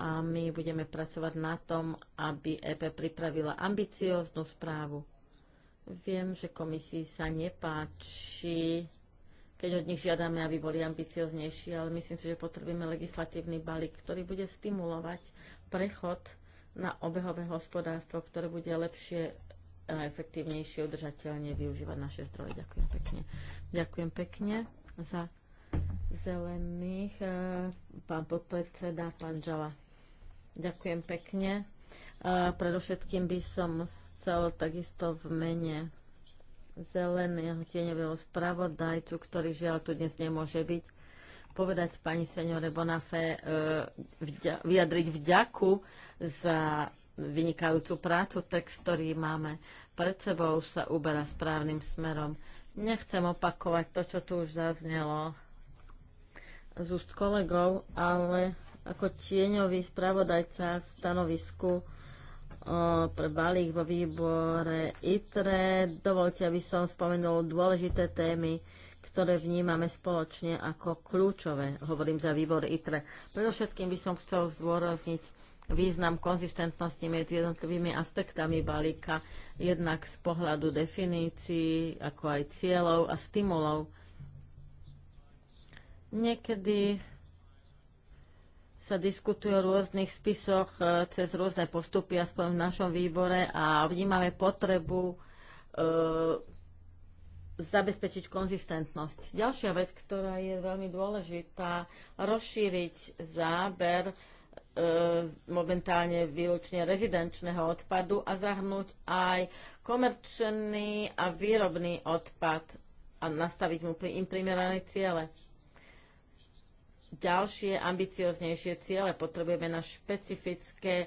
A my budeme pracovať na tom, aby EP pripravila ambicióznu správu. Viem, že komisii sa nepáči keď od nich žiadame, aby boli ambicioznejší, ale myslím si, že potrebujeme legislatívny balík, ktorý bude stimulovať prechod na obehové hospodárstvo, ktoré bude lepšie a efektívnejšie, udržateľne využívať naše zdroje. Ďakujem pekne. Ďakujem pekne za zelených. E, pán podpredseda, pán Žala. Ďakujem pekne. E, predovšetkým by som chcel takisto v mene zeleného tieňového spravodajcu, ktorý žiaľ tu dnes nemôže byť, povedať pani seniore Bonafé, e, vďa, vyjadriť vďaku za vynikajúcu prácu. Text, ktorý máme pred sebou, sa uberá správnym smerom. Nechcem opakovať to, čo tu už zaznelo z úst kolegov, ale ako tieňový spravodajca v stanovisku pre balík vo výbore ITRE. Dovolte, aby som spomenul dôležité témy, ktoré vnímame spoločne ako kľúčové. Hovorím za výbor ITRE. Predovšetkým by som chcel zdôrazniť význam konzistentnosti medzi jednotlivými aspektami balíka, jednak z pohľadu definícií, ako aj cieľov a stimulov. Niekedy sa diskutuje o rôznych spisoch e, cez rôzne postupy, aspoň v našom výbore a vnímame potrebu e, zabezpečiť konzistentnosť. Ďalšia vec, ktorá je veľmi dôležitá, rozšíriť záber e, momentálne výlučne rezidenčného odpadu a zahrnúť aj komerčný a výrobný odpad a nastaviť mu pri im primerané ciele ďalšie ambicioznejšie ciele. Potrebujeme na špecifické e,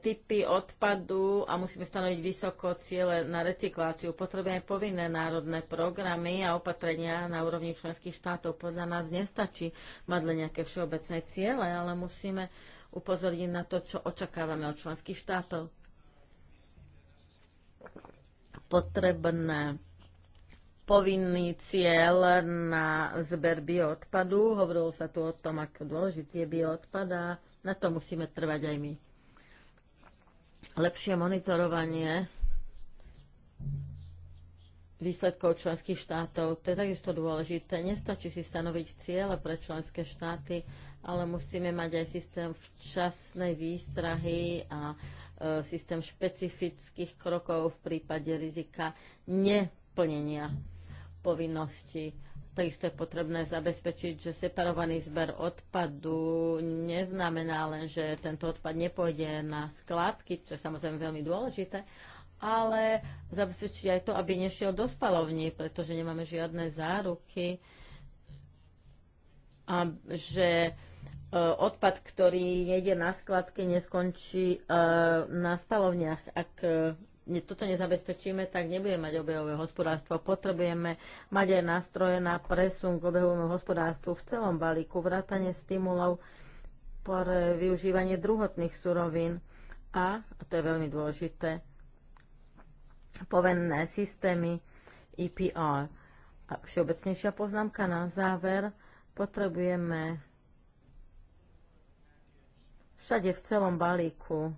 typy odpadu a musíme stanoviť vysoko ciele na recykláciu. Potrebujeme povinné národné programy a opatrenia na úrovni členských štátov. Podľa nás nestačí mať len nejaké všeobecné ciele, ale musíme upozorniť na to, čo očakávame od členských štátov. Potrebné povinný cieľ na zber bioodpadu. Hovorilo sa tu o tom, ako dôležitý je bioodpad a na to musíme trvať aj my. Lepšie monitorovanie výsledkov členských štátov. To je takisto dôležité. Nestačí si stanoviť ciele pre členské štáty, ale musíme mať aj systém včasnej výstrahy a e, systém špecifických krokov v prípade rizika neplnenia povinnosti. Takisto je potrebné zabezpečiť, že separovaný zber odpadu neznamená len, že tento odpad nepôjde na skladky, čo je samozrejme veľmi dôležité, ale zabezpečiť aj to, aby nešiel do spalovní, pretože nemáme žiadne záruky, a že e, odpad, ktorý nejde na skladky, neskončí e, na spalovniach. Ak e, toto nezabezpečíme, tak nebudeme mať obehové hospodárstvo. Potrebujeme mať aj nástroje na presun k obehovému hospodárstvu v celom balíku, vrátanie stimulov pre využívanie druhotných surovín a, a to je veľmi dôležité, povenné systémy EPR. A všeobecnejšia poznámka na záver. Potrebujeme všade v celom balíku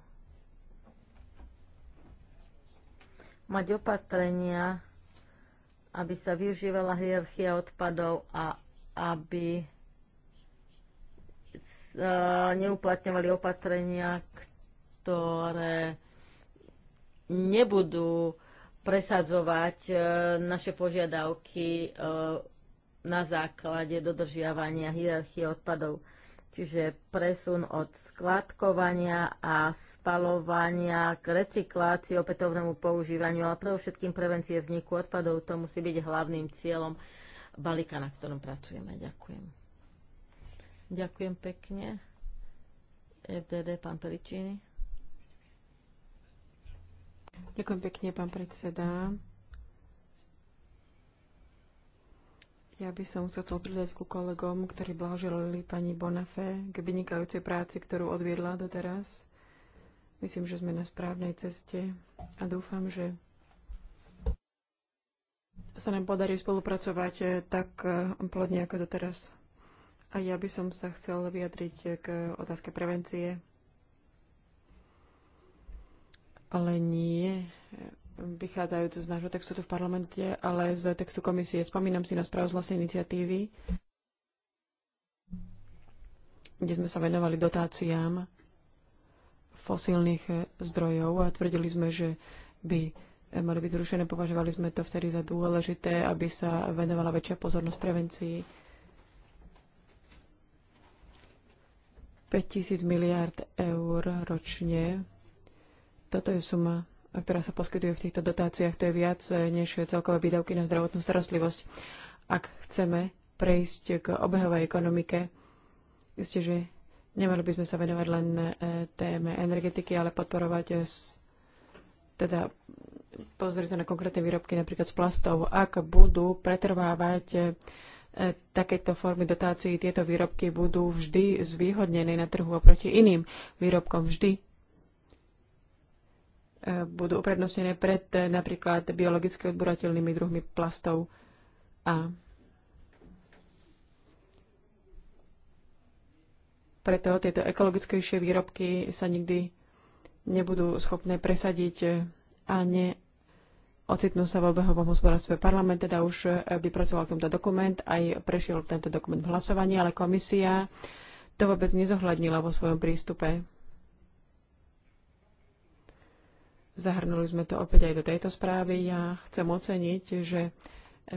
mať opatrenia, aby sa využívala hierarchia odpadov a aby neuplatňovali opatrenia, ktoré nebudú presadzovať e, naše požiadavky e, na základe dodržiavania hierarchie odpadov čiže presun od skladkovania a spalovania k recyklácii, opätovnému používaniu a pre všetkým prevencie vzniku odpadov. To musí byť hlavným cieľom balíka, na ktorom pracujeme. Ďakujem. Ďakujem pekne. FDD, pán Peričíny. Ďakujem pekne, pán predseda. Ja by som sa chcel pridať ku kolegom, ktorí blahoželili pani Bonafé k vynikajúcej práci, ktorú odviedla doteraz. Myslím, že sme na správnej ceste a dúfam, že sa nám podarí spolupracovať eh, tak eh, plodne ako doteraz. A ja by som sa chcel vyjadriť k otázke prevencie, ale nie eh, vychádzajúcu z nášho textu tu v parlamente, ale z textu komisie. Spomínam si na správu z vlastnej iniciatívy, kde sme sa venovali dotáciám fosílnych zdrojov a tvrdili sme, že by mali byť zrušené. Považovali sme to vtedy za dôležité, aby sa venovala väčšia pozornosť prevencii. 5000 miliard eur ročne. Toto je suma ktorá sa poskytuje v týchto dotáciách, to je viac eh, než celkové výdavky na zdravotnú starostlivosť. Ak chceme prejsť k obehovej ekonomike, isté, že nemali by sme sa venovať len eh, téme energetiky, ale podporovať eh, teda pozrieť sa na konkrétne výrobky napríklad z plastov. Ak budú pretrvávať takéto formy dotácií, tieto výrobky budú vždy zvýhodnené na trhu oproti iným výrobkom. Vždy budú uprednostnené pred eh, napríklad biologicky odborateľnými druhmi plastov a preto tieto ekologickejšie výrobky sa nikdy nebudú schopné presadiť a ne ocitnú sa v obehovom hospodárstve. Parlament teda už eh, vypracoval tento dokument, aj prešiel tento dokument v hlasovaní, ale komisia to vôbec nezohľadnila vo svojom prístupe. Zahrnuli sme to opäť aj do tejto správy. Ja chcem oceniť, že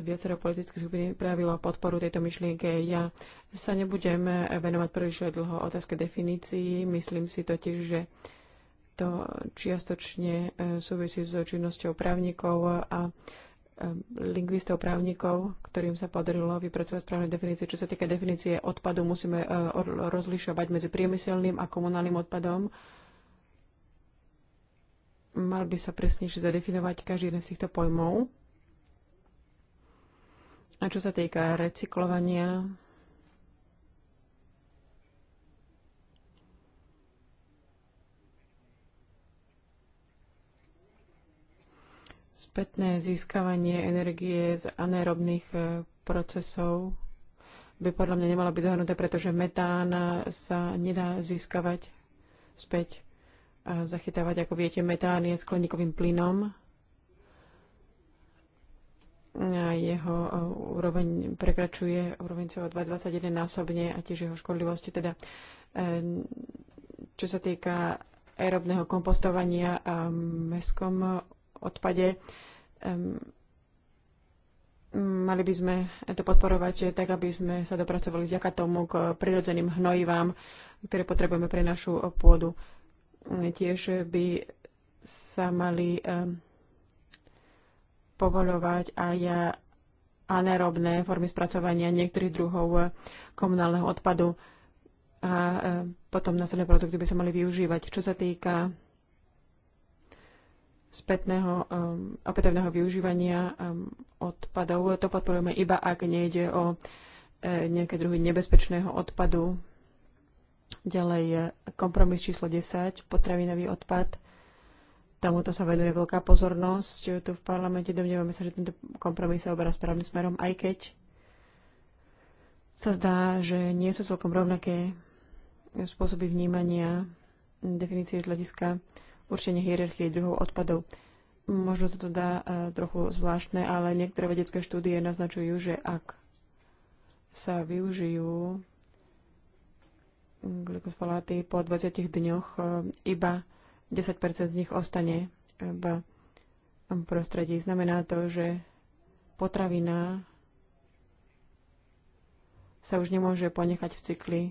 viacero politických skupín pravilo podporu tejto myšlienke. Ja sa nebudem venovať príliš dlho otázke definícií. Myslím si totiž, že to čiastočne e, súvisí s činnosťou právnikov a e, lingvistov právnikov, ktorým sa podarilo vypracovať správne definície. Čo sa týka definície odpadu, musíme e, rozlišovať medzi priemyselným a komunálnym odpadom mal by sa presnejšie zadefinovať každý jeden z týchto pojmov. A čo sa týka recyklovania, spätné získavanie energie z anerobných e, procesov by podľa mňa nemalo byť zahrnuté, pretože metán sa nedá získavať späť zachytávať, ako viete, metán je skleníkovým plynom a jeho e, úroveň prekračuje úroveň CO2 21 násobne a tiež jeho škodlivosti. Teda, e, čo sa týka aerobného kompostovania a mestskom odpade, mali by sme to podporovať tak, aby sme sa dopracovali vďaka tomu k prirodzeným hnojivám, ktoré potrebujeme pre našu pôdu. Tiež by sa mali povoľovať aj anerobné formy spracovania niektorých druhov eh, komunálneho odpadu a potom následné produkty by sa mali využívať. Čo sa týka spätného opätovného využívania odpadov, to podporujeme iba, ak nejde o eh, nejaké druhy nebezpečného odpadu, Ďalej kompromis číslo 10, potravinový odpad. Tomuto sa venuje veľká pozornosť tu v parlamente. Domnievame sa, že tento kompromis sa oberá správnym smerom, aj keď sa zdá, že nie sú celkom rovnaké spôsoby vnímania definície z hľadiska určenia hierarchie druhov odpadov. Možno sa to dá e, trochu zvláštne, ale niektoré vedecké štúdie naznačujú, že ak sa využijú glykosfoláty po 20 dňoch e, iba 10 z nich ostane e, v prostredí. Znamená to, že potravina sa už nemôže ponechať v cykli.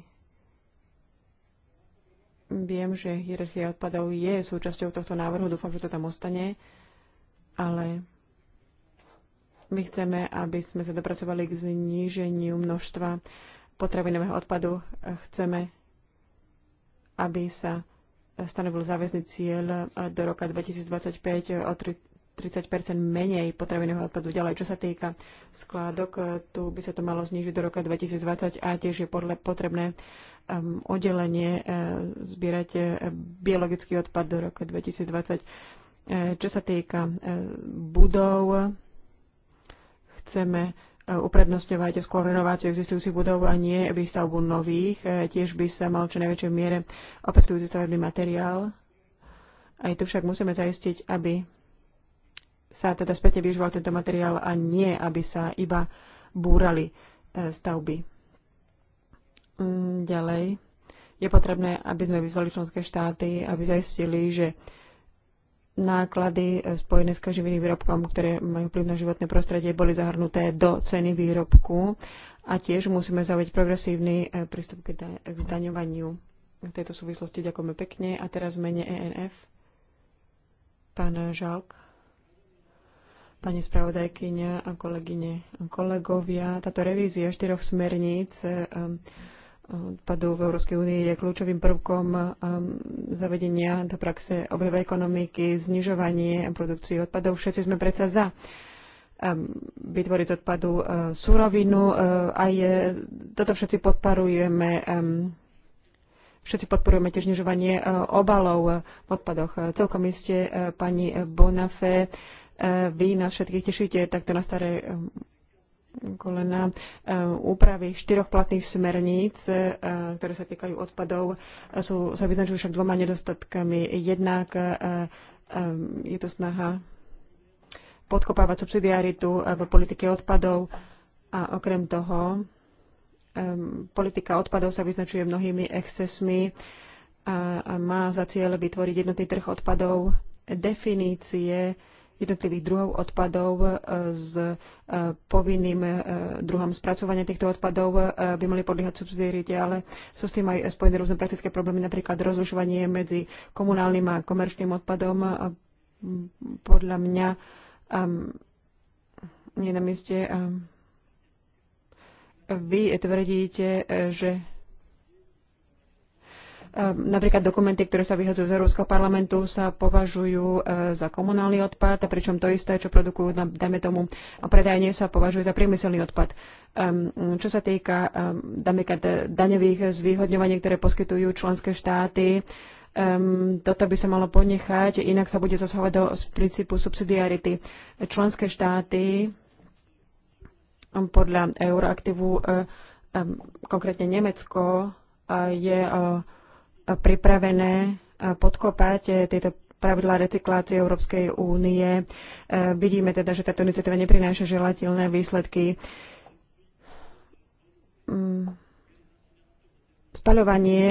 Viem, že hierarchia odpadov je súčasťou tohto návrhu, dúfam, že to tam ostane, ale my chceme, aby sme sa dopracovali k zníženiu množstva potravinového odpadu. Chceme aby sa stanovil záväzný cieľ do roka 2025 o 30 menej potravinového odpadu ďalej. Čo sa týka skládok, tu by sa to malo znižiť do roka 2020 a tiež je podľa potrebné um, oddelenie uh, zbierať uh, biologický odpad do roka 2020. Uh, čo sa týka budov, chceme Eh, uprednostňovať skôr renováciu existujúcich budov a nie výstavbu nových. Eh, tiež by sa mal čo najväčšej miere opätujúci stavebný materiál. Aj tu však musíme zaistiť, aby sa teda spätne využíval tento materiál a nie, aby sa iba búrali eh, stavby. Mm, ďalej je potrebné, aby sme vyzvali členské štáty, aby zaistili, že náklady e, spojené s každým výrobkom, ktoré majú vplyv na životné prostredie, boli zahrnuté do ceny výrobku a tiež musíme zaujať progresívny e, prístup k, zdaňovaniu. V tejto súvislosti ďakujeme pekne a teraz mene ENF. Pán Žalk, pani spravodajkyňa a kolegyne a kolegovia, táto revízia štyroch smerníc um, odpadu v Európskej únii je kľúčovým prvkom um, zavedenia do praxe obehové ekonomiky, znižovanie produkcie odpadov. Všetci sme predsa za um, vytvoriť z odpadu uh, súrovinu. Uh, Aj toto všetci podporujeme. Um, všetci podporujeme tiež znižovanie uh, obalov v odpadoch. Celkom iste, pani Bonafé, vy nás všetkých tešíte takto na staré kolena e, úpravy štyroch platných smerníc, e, ktoré sa týkajú odpadov, sú, sa vyznačujú však dvoma nedostatkami. Jednak e, je to snaha podkopávať subsidiaritu v politike odpadov a okrem toho politika odpadov sa vyznačuje mnohými excesmi a má za cieľ vytvoriť jednotný trh odpadov, definície jednotlivých druhov odpadov e, s e, povinným e, druhom spracovania týchto odpadov by mali podliehať subsidiarite, ale sú s tým aj spojené rôzne praktické problémy, napríklad rozlišovanie medzi komunálnym a komerčným odpadom. A podľa mňa nie na mieste vy tvrdíte, že Ehm, napríklad dokumenty, ktoré sa vyhodzujú z Európskeho parlamentu, sa považujú e, za komunálny odpad, a pričom to isté, čo produkujú, dajme tomu, predajne sa považujú za priemyselný odpad. Ehm, čo sa týka ehm, napríklad e, daňových zvýhodňovaní, ktoré poskytujú členské štáty, Um, toto by sa malo ponechať, inak sa bude zasahovať do princípu subsidiarity. Členské štáty podľa Euroaktivu, um, konkrétne Nemecko, je uh, pripravené e, podkopať e, tieto pravidlá recyklácie Európskej únie. E, vidíme teda, že táto iniciatíva neprináša želateľné výsledky. Mm. Spaľovanie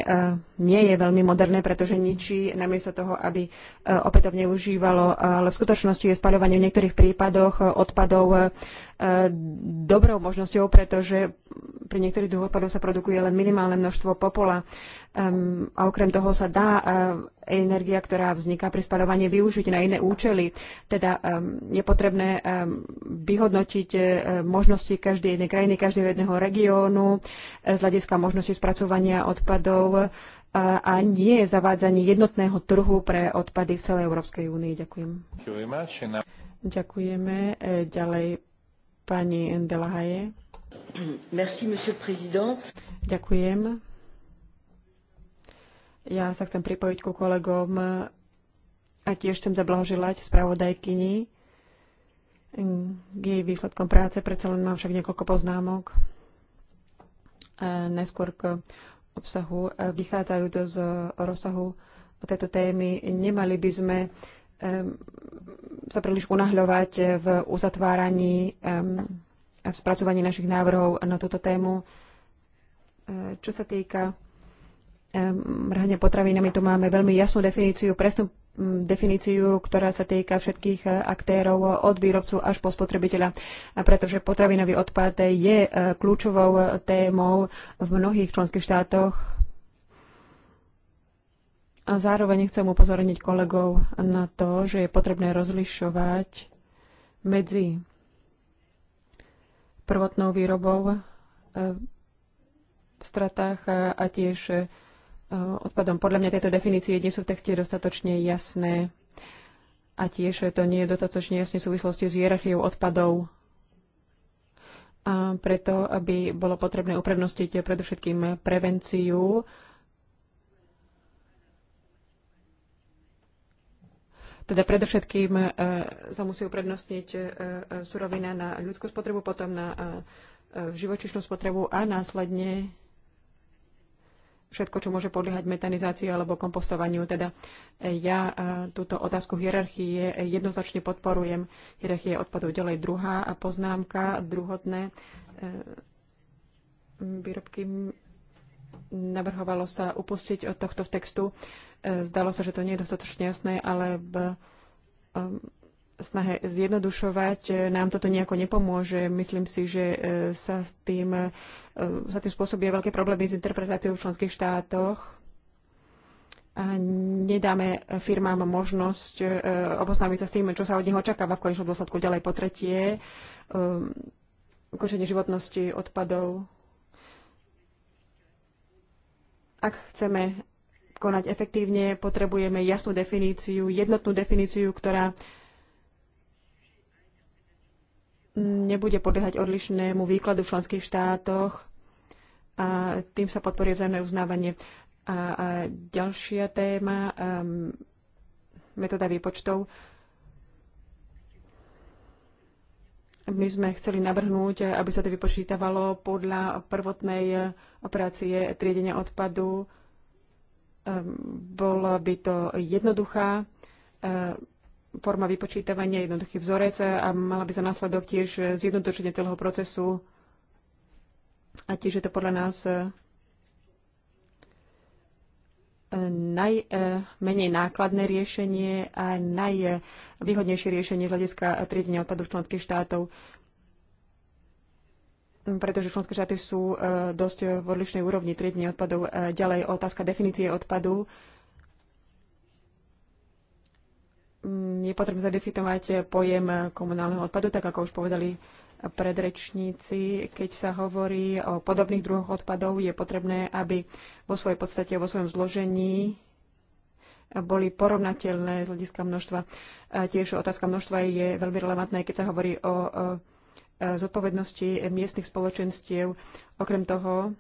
nie je veľmi moderné, pretože ničí namiesto toho, aby e, opätovne užívalo. E, ale v skutočnosti je spaľovanie v niektorých prípadoch e, odpadov dobrou možnosťou, pretože pri niektorých druhoch odpadov sa produkuje len minimálne množstvo popola. A okrem toho sa dá energia, ktorá vzniká pri spaľovaní, využiť na iné účely. Teda je potrebné vyhodnotiť možnosti každej jednej krajiny, každého jedného regiónu z hľadiska možnosti spracovania odpadov a, a nie je zavádzanie jednotného trhu pre odpady v celej Európskej únii. Ďakujem. Ďakujeme. E, ďalej pani Delahaye. Merci, monsieur président. Ďakujem. Ja sa chcem pripojiť ku kolegom a tiež chcem zablahoželať spravodajkyni k jej výsledkom práce. Predsa len mám však niekoľko poznámok. E, Neskôr k obsahu e, vychádzajú do z rozsahu tejto témy. Nemali by sme sa príliš unahľovať v uzatváraní a v spracovaní našich návrhov na túto tému. E, čo sa týka mrhania potravinami, tu máme veľmi jasnú definíciu, presnú definíciu, ktorá sa týka všetkých e, aktérov od výrobcu až po spotrebiteľa, pretože potravinový odpad je e, kľúčovou e, témou v mnohých členských štátoch. A zároveň chcem upozorniť kolegov na to, že je potrebné rozlišovať medzi prvotnou výrobou v stratách a tiež Eh, odpadom. Podľa mňa tieto definície nie sú v texte dostatočne jasné a tiež to nie je dostatočne jasne v súvislosti s hierarchiou odpadov. A preto, aby bolo potrebné uprednostiť predovšetkým prevenciu, Teda predovšetkým e, sa musí uprednostniť e, surovina na ľudskú spotrebu, potom na e, živočišnú spotrebu a následne všetko, čo môže podliehať metanizácii alebo kompostovaniu. Teda e, ja e, túto otázku hierarchie jednoznačne podporujem. Hierarchie odpadov ďalej druhá a poznámka, druhotné e, výrobky navrhovalo sa upustiť od tohto textu. Zdalo sa, že to nie je dostatočne jasné, ale v snahe zjednodušovať e, nám toto nejako nepomôže. Myslím si, že e, sa s tým, e, sa tým spôsobia veľké problémy s interpretáciou v členských štátoch a nedáme firmám možnosť oboznámiť sa s tým, čo sa od nich očakáva v konečnom dôsledku ďalej po tretie, ukončenie životnosti odpadov. Ak chceme konať efektívne, potrebujeme jasnú definíciu, jednotnú definíciu, ktorá nebude podliehať odlišnému výkladu v členských štátoch a tým sa podporuje vzájomné uznávanie. A, a ďalšia téma, um, metóda výpočtov. My sme chceli navrhnúť, aby sa to vypočítavalo podľa prvotnej operácie triedenia odpadu. Um, bola by to jednoduchá um, forma vypočítavania, jednoduchý vzorec a mala by sa následok tiež zjednodušenie celého procesu a tiež je to podľa nás e, najmenej nákladné riešenie a najvýhodnejšie riešenie z hľadiska triedenia odpadu členských štátov, pretože členské štáty sú e, dosť v odlišnej úrovni triedenia odpadov. E, ďalej otázka definície odpadu je potrebné zadefinovať pojem komunálneho odpadu, tak ako už povedali predrečníci, keď sa hovorí o podobných druhoch odpadov, je potrebné, aby vo svojej podstate, vo svojom zložení boli porovnateľné z hľadiska množstva. Tiež otázka množstva je veľmi relevantná, keď sa hovorí o zodpovednosti miestnych spoločenstiev. Okrem toho,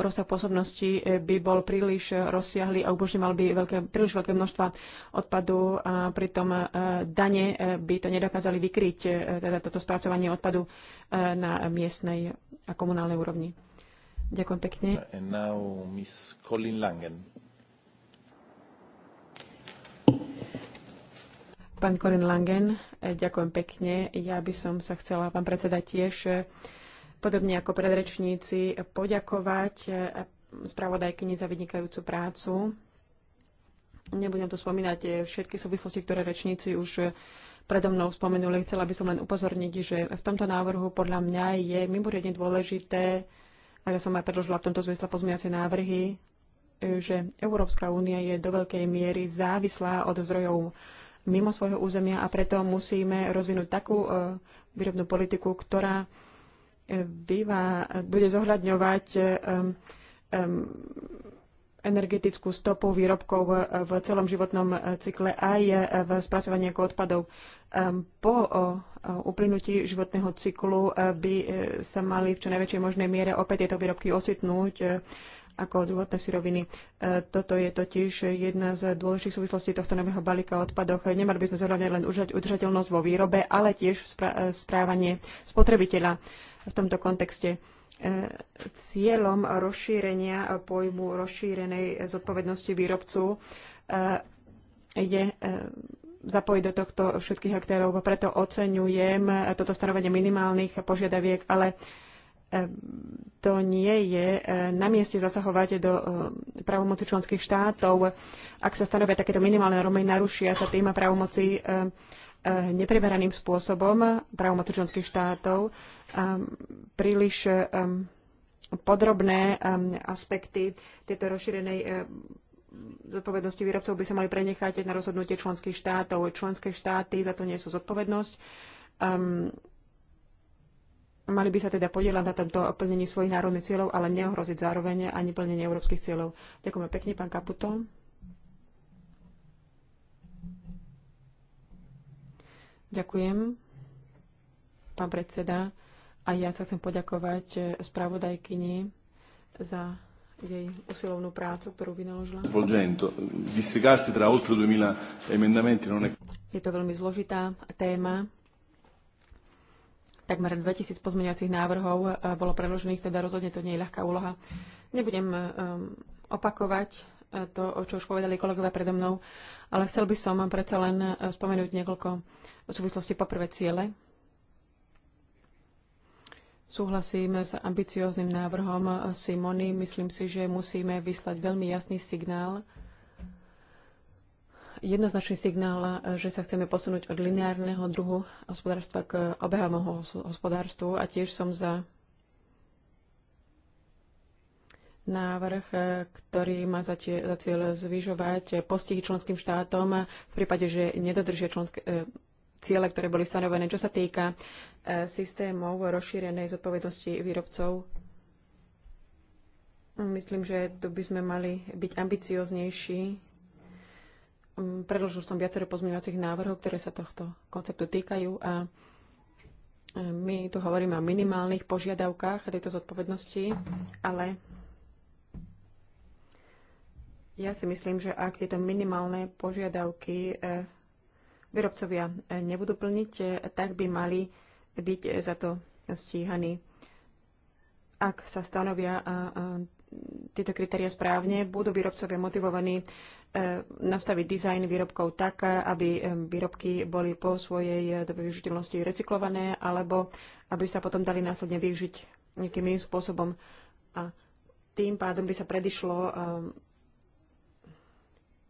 rozsah pôsobnosti eh, by bol príliš eh, rozsiahly a umožňoval by veľké, príliš veľké množstva odpadu a pritom eh, dane by to nedokázali vykryť, teda toto spracovanie odpadu na miestnej a komunálnej úrovni. Ďakujem pekne. And now Miss Colin Langen. Pán Korin Langen, ďakujem pekne. Ja by som sa chcela, pán predseda, tiež podobne ako predrečníci, poďakovať e, spravodajkyni za vynikajúcu prácu. Nebudem tu spomínať e, všetky súvislosti, ktoré rečníci už e, predo mnou spomenuli. Chcela by som len upozorniť, že v tomto návrhu podľa mňa je mimoriadne dôležité, a ja som aj predložila v tomto zmysle pozmiace návrhy, že Európska únia je do veľkej miery závislá od zdrojov mimo svojho územia a preto musíme rozvinúť takú výrobnú politiku, ktorá býva, bude zohľadňovať um, um, energetickú stopu výrobkov v celom životnom e, cykle aj e, v spracovaní ako odpadov. Po uplynutí životného cyklu by sa mali v čo najväčšej možnej miere opäť tieto výrobky ositnúť ako druhotné siroviny. Toto je totiž jedna z dôležitých súvislostí tohto nového balíka o odpadoch. Nemali by sme zohľadňovať len udržateľnosť vo výrobe, ale tiež správanie spotrebiteľa v tomto kontexte. E, cieľom rozšírenia pojmu rozšírenej zodpovednosti výrobcu e, je e, zapojiť do tohto všetkých aktérov, preto oceňujem toto stanovenie minimálnych požiadaviek, ale to nie je na mieste zasahovať do právomoci členských štátov. Ak sa stanovia takéto minimálne normy, narušia sa tým právomoci E, nepreberaným spôsobom právomoci členských štátov e, príliš e, podrobné aspekty tejto rozšírenej zodpovednosti výrobcov by sa mali prenechať na rozhodnutie členských štátov. Členské štáty za to nie sú zodpovednosť. Um, mali by sa teda podielať na tomto plnení svojich národných cieľov, ale neohroziť zároveň ani plnenie európskych cieľov. Ďakujem pekne, pán Kaputo. Ďakujem, pán predseda. A ja sa chcem poďakovať spravodajkyni za jej usilovnú prácu, ktorú vynaložila. Je to veľmi zložitá téma. Takmer 2000 pozmeňovacích návrhov eh, bolo predložených, teda rozhodne to nie je ľahká úloha. Nebudem eh, opakovať to, čo už povedali kolegovia predo mnou, ale chcel by som predsa len eh, spomenúť niekoľko v súvislosti poprvé ciele. Súhlasím s ambicióznym návrhom Simony. Myslím si, že musíme vyslať veľmi jasný signál, jednoznačný signál, eh, že sa chceme posunúť od lineárneho druhu hospodárstva k obehavomu hospodárstvu a tiež som za návrh, e, ktorý má za, tie, za cieľ zvyžovať postihy členským štátom v prípade, že nedodržia členské, e, ciele, ktoré boli stanovené. Čo sa týka e, systémov rozšírenej zodpovednosti výrobcov, myslím, že tu by sme mali byť ambicioznejší. Mm, predložil som viacero pozmeňovacích návrhov, ktoré sa tohto konceptu týkajú a e, my tu hovoríme o minimálnych požiadavkách tejto zodpovednosti, ale ja si myslím, že ak tieto minimálne požiadavky e, výrobcovia e, nebudú plniť, e, tak by mali byť za to stíhaní. Ak sa stanovia tieto kritéria správne, budú výrobcovia motivovaní nastaviť dizajn výrobkov tak, aby výrobky boli po svojej dobe využiteľnosti recyklované, alebo aby sa potom dali následne využiť nejakým iným spôsobom. A tým pádom by sa predišlo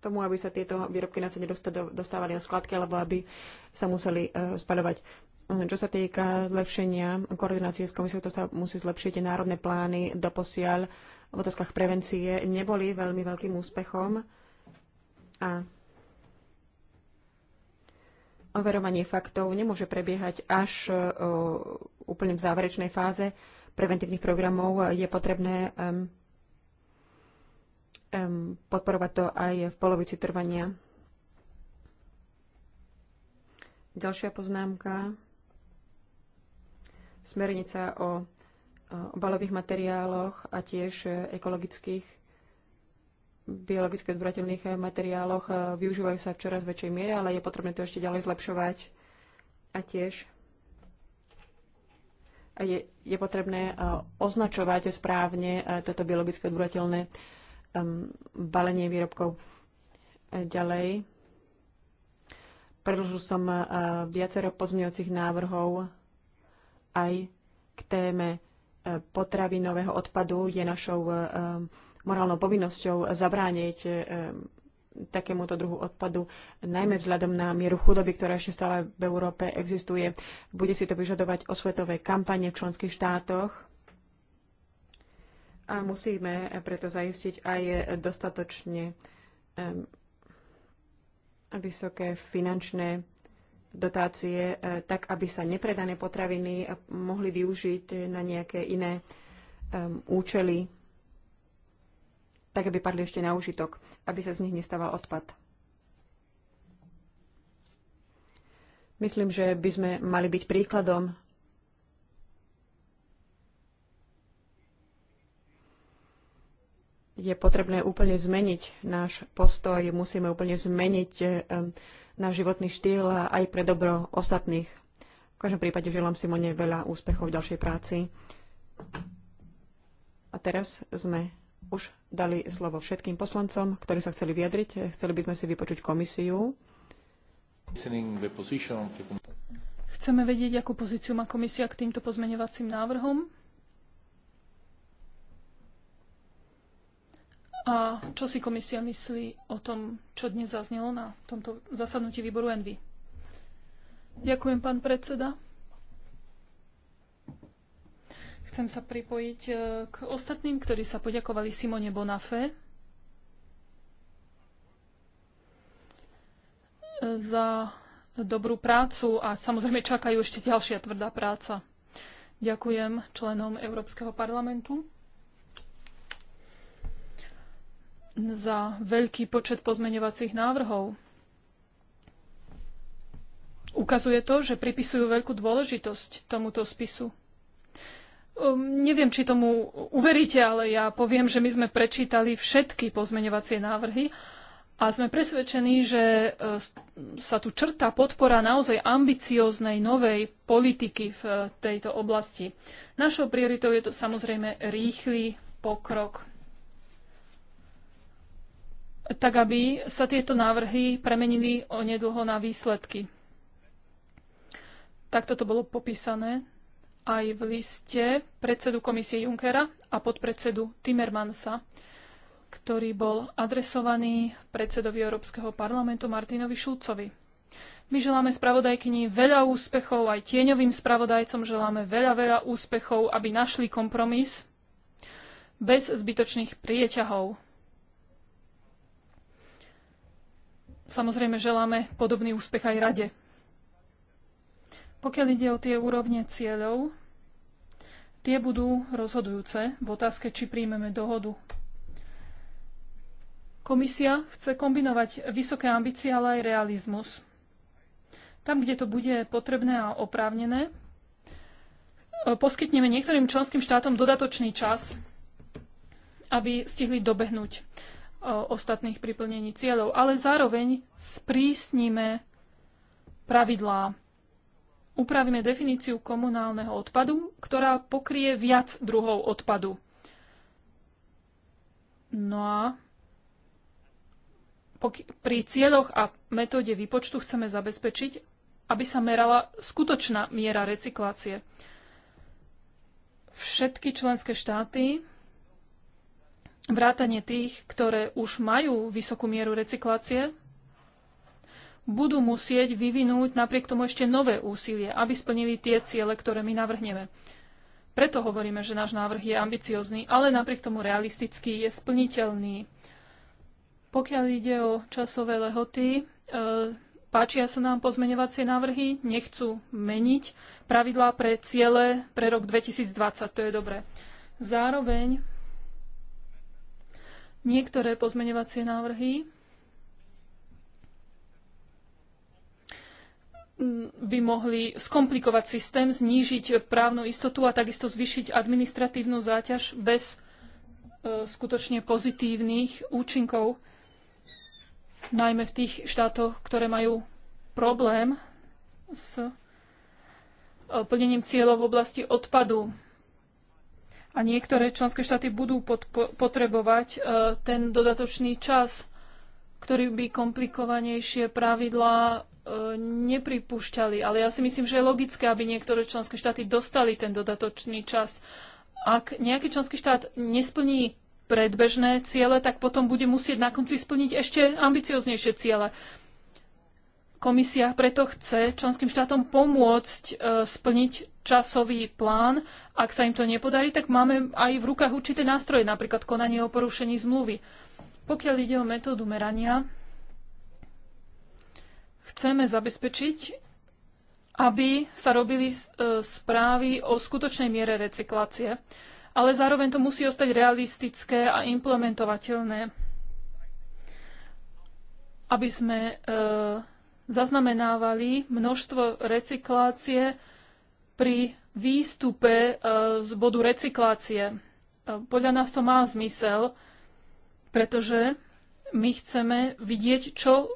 tomu, aby sa tieto výrobky na sa nedostávali na skladky, alebo aby sa museli e, spadovať. Mm, čo sa týka zlepšenia koordinácie s komisiou, to sa musí zlepšiť. Národné plány doposiaľ v otázkach prevencie neboli veľmi veľkým úspechom a overovanie faktov nemôže prebiehať až e, úplne v záverečnej fáze preventívnych programov. Je potrebné podporovať to aj v polovici trvania. Ďalšia poznámka. Smernica o obalových materiáloch a tiež ekologických biologicky odburateľných materiáloch e, využívajú sa v čoraz väčšej miere, ale je potrebné to ešte ďalej zlepšovať. A tiež je, je potrebné e, označovať správne e, toto biologicky odburateľné Ehm, balenie výrobkov. E, ďalej, predložil som e, viacero pozmeňujúcich návrhov aj k téme e, potravinového odpadu. Je našou morálnou povinnosťou zabrániť takémuto druhu odpadu, najmä vzhľadom na mieru chudoby, ktorá ešte stále v Európe existuje. Bude si to vyžadovať osvetové kampane v členských štátoch a musíme preto zaistiť aj dostatočne vysoké finančné dotácie, eh, tak aby sa nepredané potraviny eh, mohli využiť na nejaké iné účely, tak aby padli ešte na užitok, aby sa z nich nestával odpad. Myslím, že by sme mali byť príkladom je potrebné úplne zmeniť náš postoj, musíme úplne zmeniť e, náš životný štýl aj pre dobro ostatných. V každom prípade želám Simone veľa úspechov v ďalšej práci. A teraz sme už dali slovo všetkým poslancom, ktorí sa chceli vyjadriť. Chceli by sme si vypočuť komisiu. Chceme vedieť, akú pozíciu má komisia k týmto pozmeňovacím návrhom. A čo si komisia myslí o tom, čo dnes zaznelo na tomto zasadnutí výboru Envy? Ďakujem, pán predseda. Chcem sa pripojiť e, k ostatným, ktorí sa poďakovali Simone Bonafé e, za dobrú prácu a samozrejme čakajú ešte ďalšia tvrdá práca. Ďakujem členom Európskeho parlamentu za veľký počet pozmeňovacích návrhov. Ukazuje to, že pripisujú veľkú dôležitosť tomuto spisu. Um, neviem, či tomu uveríte, ale ja poviem, že my sme prečítali všetky pozmeňovacie návrhy a sme presvedčení, že e, sa tu črta podpora naozaj ambicióznej novej politiky v e, tejto oblasti. Našou prioritou je to samozrejme rýchly pokrok tak aby sa tieto návrhy premenili onedlho na výsledky. Takto to bolo popísané aj v liste predsedu komisie Junckera a podpredsedu Timmermansa, ktorý bol adresovaný predsedovi Európskeho parlamentu Martinovi Šulcovi. My želáme spravodajkyni veľa úspechov, aj tieňovým spravodajcom želáme veľa, veľa úspechov, aby našli kompromis bez zbytočných prieťahov. samozrejme želáme podobný úspech aj rade. Pokiaľ ide o tie úrovne cieľov, tie budú rozhodujúce v otázke, či príjmeme dohodu. Komisia chce kombinovať vysoké ambície, ale aj realizmus. Tam, kde to bude potrebné a oprávnené, e, poskytneme niektorým členským štátom dodatočný čas, aby stihli dobehnúť ostatných pri plnení cieľov, ale zároveň sprísnime pravidlá. Upravíme definíciu komunálneho odpadu, ktorá pokrie viac druhov odpadu. No a pri cieľoch a metóde výpočtu chceme zabezpečiť, aby sa merala skutočná miera recyklácie. Všetky členské štáty vrátane tých, ktoré už majú vysokú mieru recyklácie, budú musieť vyvinúť napriek tomu ešte nové úsilie, aby splnili tie ciele, ktoré my navrhneme. Preto hovoríme, že náš návrh je ambiciozný, ale napriek tomu realistický, je splniteľný. Pokiaľ ide o časové lehoty, e, páčia sa nám pozmeňovacie návrhy, nechcú meniť pravidlá pre ciele pre rok 2020, to je dobré. Zároveň niektoré pozmeňovacie návrhy by mohli skomplikovať systém, znížiť právnu istotu a takisto zvýšiť administratívnu záťaž bez e, skutočne pozitívnych účinkov, najmä v tých štátoch, ktoré majú problém s e, plnením cieľov v oblasti odpadu a niektoré členské štáty budú potrebovať e, ten dodatočný čas, ktorý by komplikovanejšie pravidlá e, nepripúšťali. Ale ja si myslím, že je logické, aby niektoré členské štáty dostali ten dodatočný čas. Ak nejaký členský štát nesplní predbežné ciele, tak potom bude musieť na konci splniť ešte ambicioznejšie ciele. Komisia preto chce členským štátom pomôcť e, splniť časový plán. Ak sa im to nepodarí, tak máme aj v rukách určité nástroje, napríklad konanie o porušení zmluvy. Pokiaľ ide o metódu merania, chceme zabezpečiť, aby sa robili e, správy o skutočnej miere recyklácie, ale zároveň to musí ostať realistické a implementovateľné, aby sme e, zaznamenávali množstvo recyklácie, pri výstupe e, z bodu recyklácie. E, podľa nás to má zmysel, pretože my chceme vidieť, čo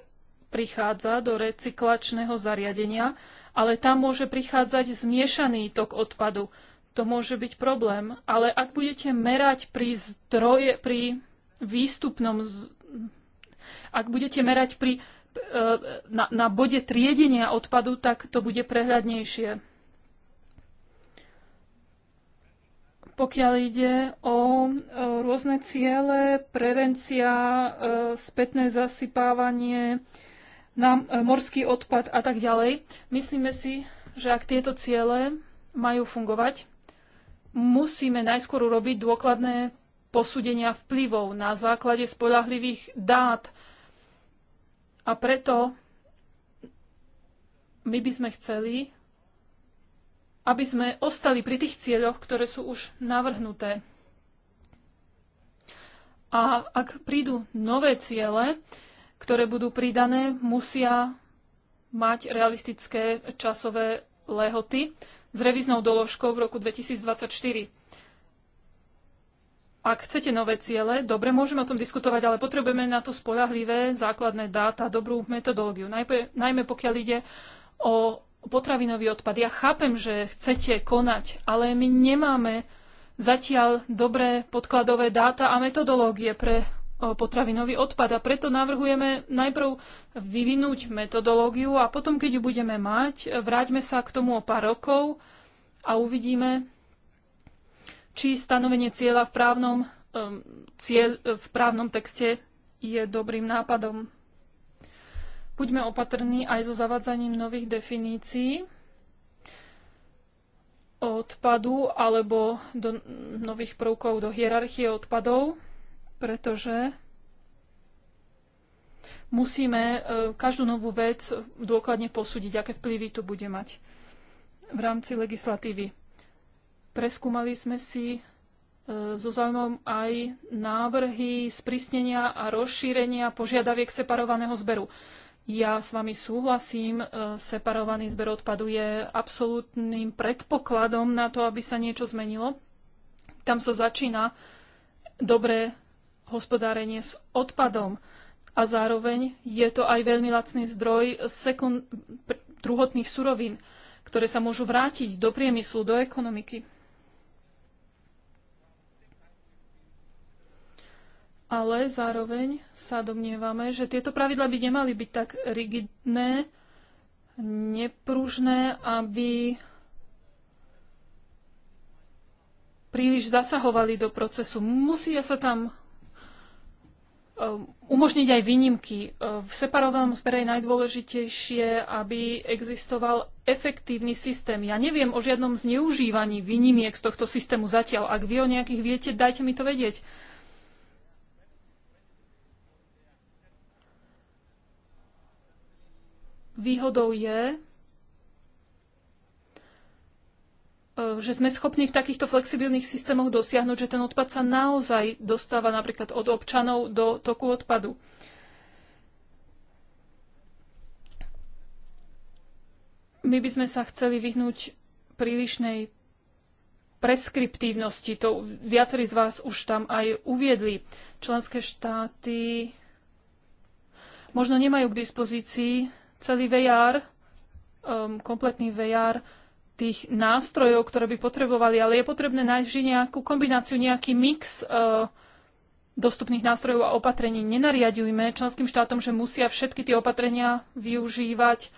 prichádza do recyklačného zariadenia, ale tam môže prichádzať zmiešaný tok odpadu. To môže byť problém, ale ak budete merať pri zdroje, pri výstupnom, ak budete merať pri, e, na, na bode triedenia odpadu, tak to bude prehľadnejšie. pokiaľ ide o rôzne ciele, prevencia, e, spätné zasypávanie, e, morský odpad a tak ďalej. Myslíme si, že ak tieto ciele majú fungovať, musíme najskôr urobiť dôkladné posúdenia vplyvov na základe spolahlivých dát. A preto my by sme chceli, aby sme ostali pri tých cieľoch, ktoré sú už navrhnuté. A ak prídu nové ciele, ktoré budú pridané, musia mať realistické časové lehoty s revíznou doložkou v roku 2024. Ak chcete nové ciele, dobre, môžeme o tom diskutovať, ale potrebujeme na to spolahlivé základné dáta, dobrú metodológiu. Najmä, najmä pokiaľ ide o potravinový odpad. Ja chápem, že chcete konať, ale my nemáme zatiaľ dobré podkladové dáta a metodológie pre potravinový odpad a preto navrhujeme najprv vyvinúť metodológiu a potom, keď ju budeme mať, vráťme sa k tomu o pár rokov a uvidíme, či stanovenie cieľa v právnom, cieľ, v právnom texte je dobrým nápadom. Buďme opatrní aj so zavádzaním nových definícií odpadu alebo do nových prvkov do hierarchie odpadov, pretože musíme e, každú novú vec dôkladne posúdiť, aké vplyvy to bude mať v rámci legislatívy. Preskúmali sme si e, so zaujímavom aj návrhy sprísnenia a rozšírenia požiadaviek separovaného zberu. Ja s vami súhlasím, e, separovaný zber odpadu je absolútnym predpokladom na to, aby sa niečo zmenilo. Tam sa začína dobré hospodárenie s odpadom a zároveň je to aj veľmi lacný zdroj sekund- druhotných surovín, ktoré sa môžu vrátiť do priemyslu, do ekonomiky. ale zároveň sa domnievame, že tieto pravidla by nemali byť tak rigidné, nepružné, aby príliš zasahovali do procesu. Musia sa tam eh, umožniť aj výnimky. Eh, v separovanom zbere je najdôležitejšie, aby existoval efektívny systém. Ja neviem o žiadnom zneužívaní výnimiek z tohto systému zatiaľ. Ak vy o nejakých viete, dajte mi to vedieť. Výhodou je, eh, že sme schopní v takýchto flexibilných systémoch dosiahnuť, že ten odpad sa naozaj dostáva napríklad od občanov do toku odpadu. My by sme sa chceli vyhnúť prílišnej preskriptívnosti. To viacerí z vás už tam aj uviedli. Členské štáty možno nemajú k dispozícii celý VR, um, kompletný VR tých nástrojov, ktoré by potrebovali, ale je potrebné nájsť nejakú kombináciu, nejaký mix uh, dostupných nástrojov a opatrení. Nenariadujme členským štátom, že musia všetky tie opatrenia využívať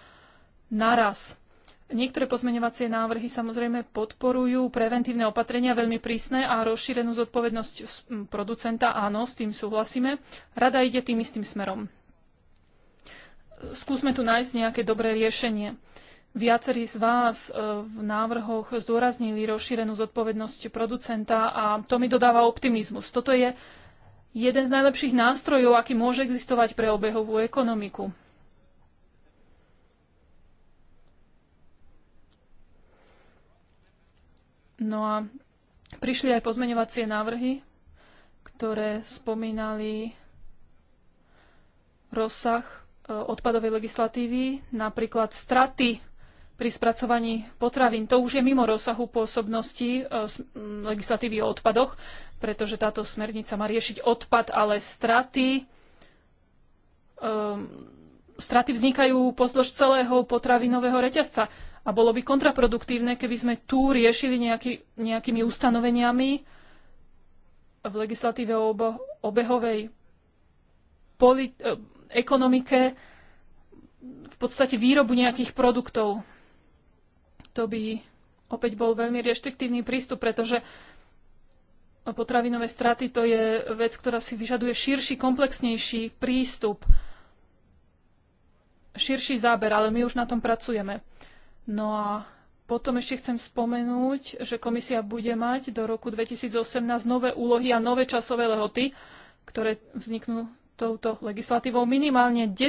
naraz. Niektoré pozmeňovacie návrhy samozrejme podporujú preventívne opatrenia veľmi prísne a rozšírenú zodpovednosť producenta, áno, s tým súhlasíme. Rada ide tým istým smerom skúsme tu nájsť nejaké dobré riešenie. Viacerí z vás e, v návrhoch zdôraznili rozšírenú zodpovednosť producenta a to mi dodáva optimizmus. Toto je jeden z najlepších nástrojov, aký môže existovať pre obehovú ekonomiku. No a prišli aj pozmeňovacie návrhy, ktoré spomínali rozsah E, odpadovej legislatívy, napríklad straty pri spracovaní potravín. To už je mimo rozsahu pôsobnosti e, legislatívy o odpadoch, pretože táto smernica má riešiť odpad, ale straty, um, straty vznikajú pozdĺž celého potravinového reťazca. A bolo by kontraproduktívne, keby sme tu riešili nejaký, nejakými ustanoveniami v legislatíve o obehovej ekonomike v podstate výrobu nejakých produktov. To by opäť bol veľmi reštriktívny prístup, pretože potravinové straty to je vec, ktorá si vyžaduje širší, komplexnejší prístup, širší záber, ale my už na tom pracujeme. No a potom ešte chcem spomenúť, že komisia bude mať do roku 2018 nové úlohy a nové časové lehoty, ktoré vzniknú touto legislatívou minimálne 10 e,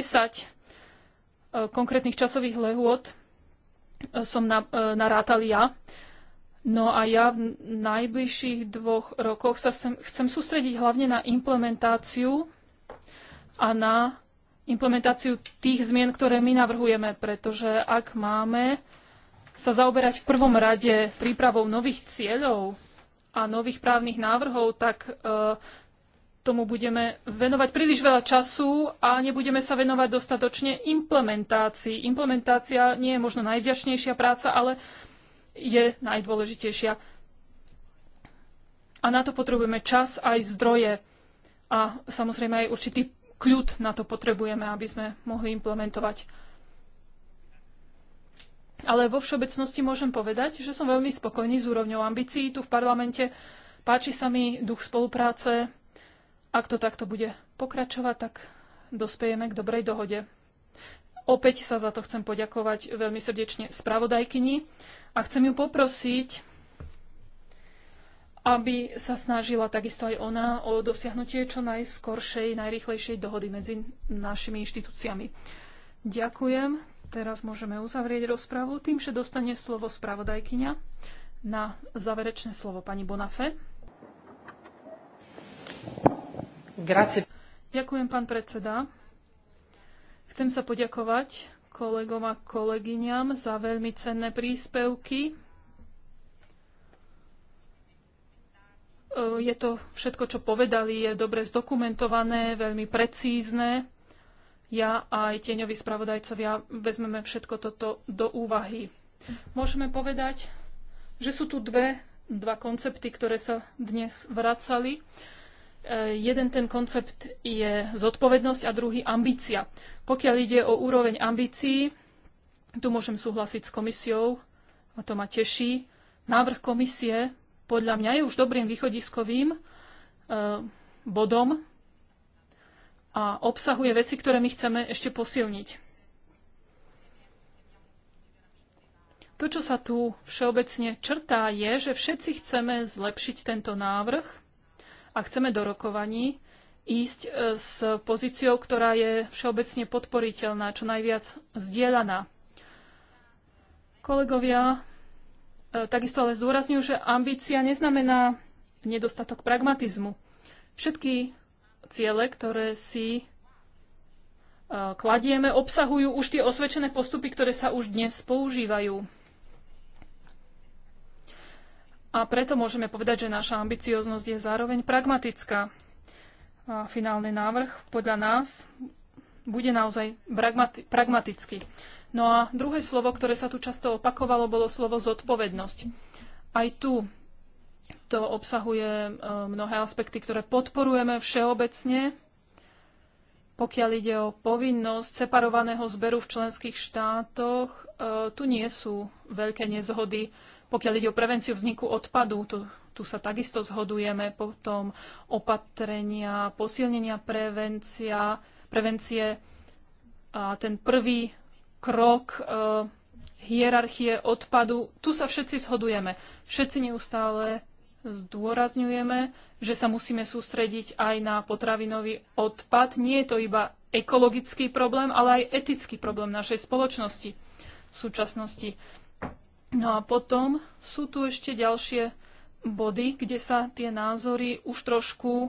konkrétnych časových lehôd e, som e, narátal ja. No a ja v najbližších dvoch rokoch sa sem, chcem sústrediť hlavne na implementáciu a na implementáciu tých zmien, ktoré my navrhujeme, pretože ak máme sa zaoberať v prvom rade prípravou nových cieľov a nových právnych návrhov, tak uh, tomu budeme venovať príliš veľa času a nebudeme sa venovať dostatočne implementácii. Implementácia nie je možno najvďačnejšia práca, ale je najdôležitejšia. A na to potrebujeme čas aj zdroje. A samozrejme aj určitý kľud na to potrebujeme, aby sme mohli implementovať. Ale vo všeobecnosti môžem povedať, že som veľmi spokojný s úrovňou ambícií tu v parlamente. Páči sa mi duch spolupráce, ak to takto bude pokračovať, tak dospejeme k dobrej dohode. Opäť sa za to chcem poďakovať veľmi srdečne spravodajkyni a chcem ju poprosiť, aby sa snažila takisto aj ona o dosiahnutie čo najskoršej, najrychlejšej dohody medzi našimi inštitúciami. Ďakujem. Teraz môžeme uzavrieť rozpravu tým, že dostane slovo spravodajkyňa na záverečné slovo pani Bonafé. Ďakujem, pán predseda. Chcem sa poďakovať kolegom a kolegyňam za veľmi cenné príspevky. E, je to všetko, čo povedali, je dobre zdokumentované, veľmi precízne. Ja aj tieňoví spravodajcovia vezmeme všetko toto do úvahy. Môžeme povedať, že sú tu dve, dva koncepty, ktoré sa dnes vracali. Eh, jeden ten koncept je zodpovednosť a druhý ambícia. Pokiaľ ide o úroveň ambícií, tu môžem súhlasiť s komisiou, a to ma teší. Návrh komisie podľa mňa je už dobrým východiskovým eh, bodom a obsahuje veci, ktoré my chceme ešte posilniť. To, čo sa tu všeobecne črtá, je, že všetci chceme zlepšiť tento návrh a chceme do rokovaní ísť e, s pozíciou, ktorá je všeobecne podporiteľná, čo najviac zdieľaná. Kolegovia e, takisto ale zdôrazňujú, že ambícia neznamená nedostatok pragmatizmu. Všetky ciele, ktoré si e, kladieme, obsahujú už tie osvedčené postupy, ktoré sa už dnes používajú. A preto môžeme povedať, že naša ambicioznosť je zároveň pragmatická. A finálny návrh podľa nás bude naozaj pragmatický. No a druhé slovo, ktoré sa tu často opakovalo, bolo slovo zodpovednosť. Aj tu to obsahuje e, mnohé aspekty, ktoré podporujeme všeobecne, pokiaľ ide o povinnosť separovaného zberu v členských štátoch, e, tu nie sú veľké nezhody. Pokiaľ ide o prevenciu vzniku odpadu, tu, tu sa takisto zhodujeme, potom opatrenia, posilnenia prevencia, prevencie. A ten prvý krok e, hierarchie odpadu, tu sa všetci zhodujeme. Všetci neustále zdôrazňujeme, že sa musíme sústrediť aj na potravinový odpad. Nie je to iba ekologický problém, ale aj etický problém našej spoločnosti v súčasnosti. No a potom sú tu ešte ďalšie body, kde sa tie názory už trošku e,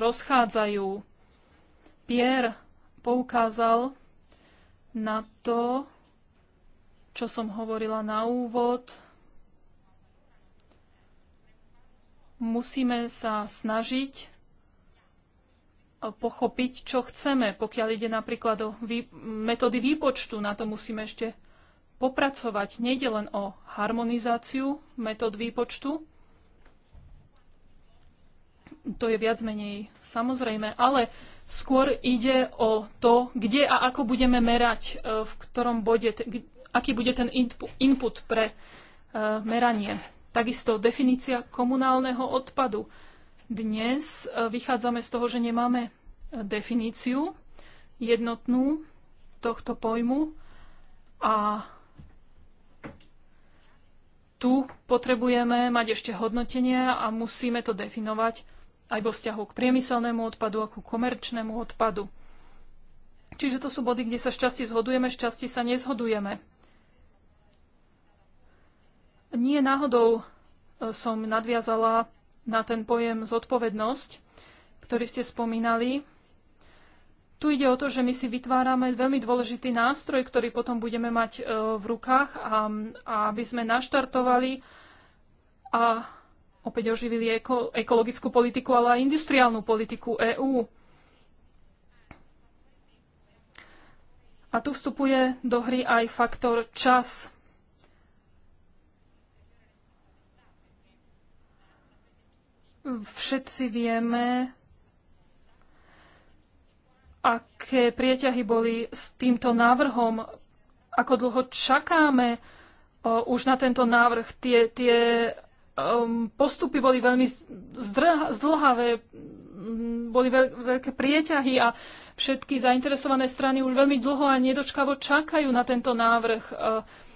rozchádzajú. Pierre poukázal na to, čo som hovorila na úvod. Musíme sa snažiť e, pochopiť, čo chceme. Pokiaľ ide napríklad o metódy výpočtu, na to musíme ešte popracovať. Nejde len o harmonizáciu metód výpočtu, to je viac menej samozrejme, ale skôr ide o to, kde a ako budeme merať, e, v ktorom bode, aký bude ten input pre e, meranie. Takisto definícia komunálneho odpadu. Dnes e, vychádzame z toho, že nemáme definíciu jednotnú tohto pojmu a tu potrebujeme mať ešte hodnotenia a musíme to definovať aj vo vzťahu k priemyselnému odpadu a ku komerčnému odpadu. Čiže to sú body, kde sa šťastie zhodujeme, šťastie sa nezhodujeme. Nie náhodou e, som nadviazala na ten pojem zodpovednosť, ktorý ste spomínali. Tu ide o to, že my si vytvárame veľmi dôležitý nástroj, ktorý potom budeme mať e, v rukách, a, a aby sme naštartovali a opäť oživili eko, ekologickú politiku, ale aj industriálnu politiku EÚ. A tu vstupuje do hry aj faktor čas. Všetci vieme, aké prieťahy boli s týmto návrhom, ako dlho čakáme už na tento návrh. Tie, tie um, postupy boli veľmi zdlhavé, mm, boli veľké prieťahy a všetky zainteresované strany už veľmi dlho a nedočkavo čakajú na tento návrh. Uh,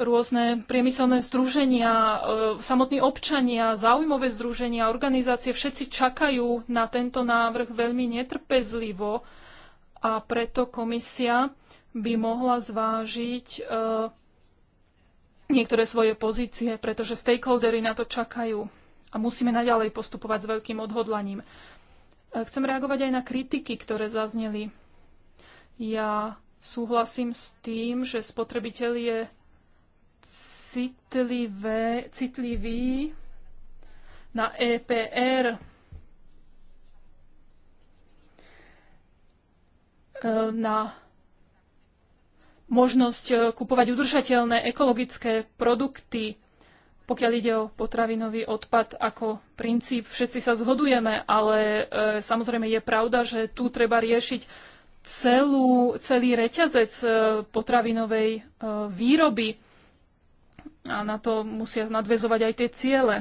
rôzne priemyselné združenia, e, samotní občania, záujmové združenia, organizácie, všetci čakajú na tento návrh veľmi netrpezlivo a preto komisia by mohla zvážiť e, niektoré svoje pozície, pretože stakeholdery na to čakajú a musíme naďalej postupovať s veľkým odhodlaním. E, chcem reagovať aj na kritiky, ktoré zazneli. Ja súhlasím s tým, že spotrebiteľ je citlivé, citlivý na EPR. E, na možnosť e, kupovať udržateľné ekologické produkty, pokiaľ ide o potravinový odpad ako princíp. Všetci sa zhodujeme, ale e, samozrejme je pravda, že tu treba riešiť celú, celý reťazec potravinovej výroby a na to musia nadvezovať aj tie ciele.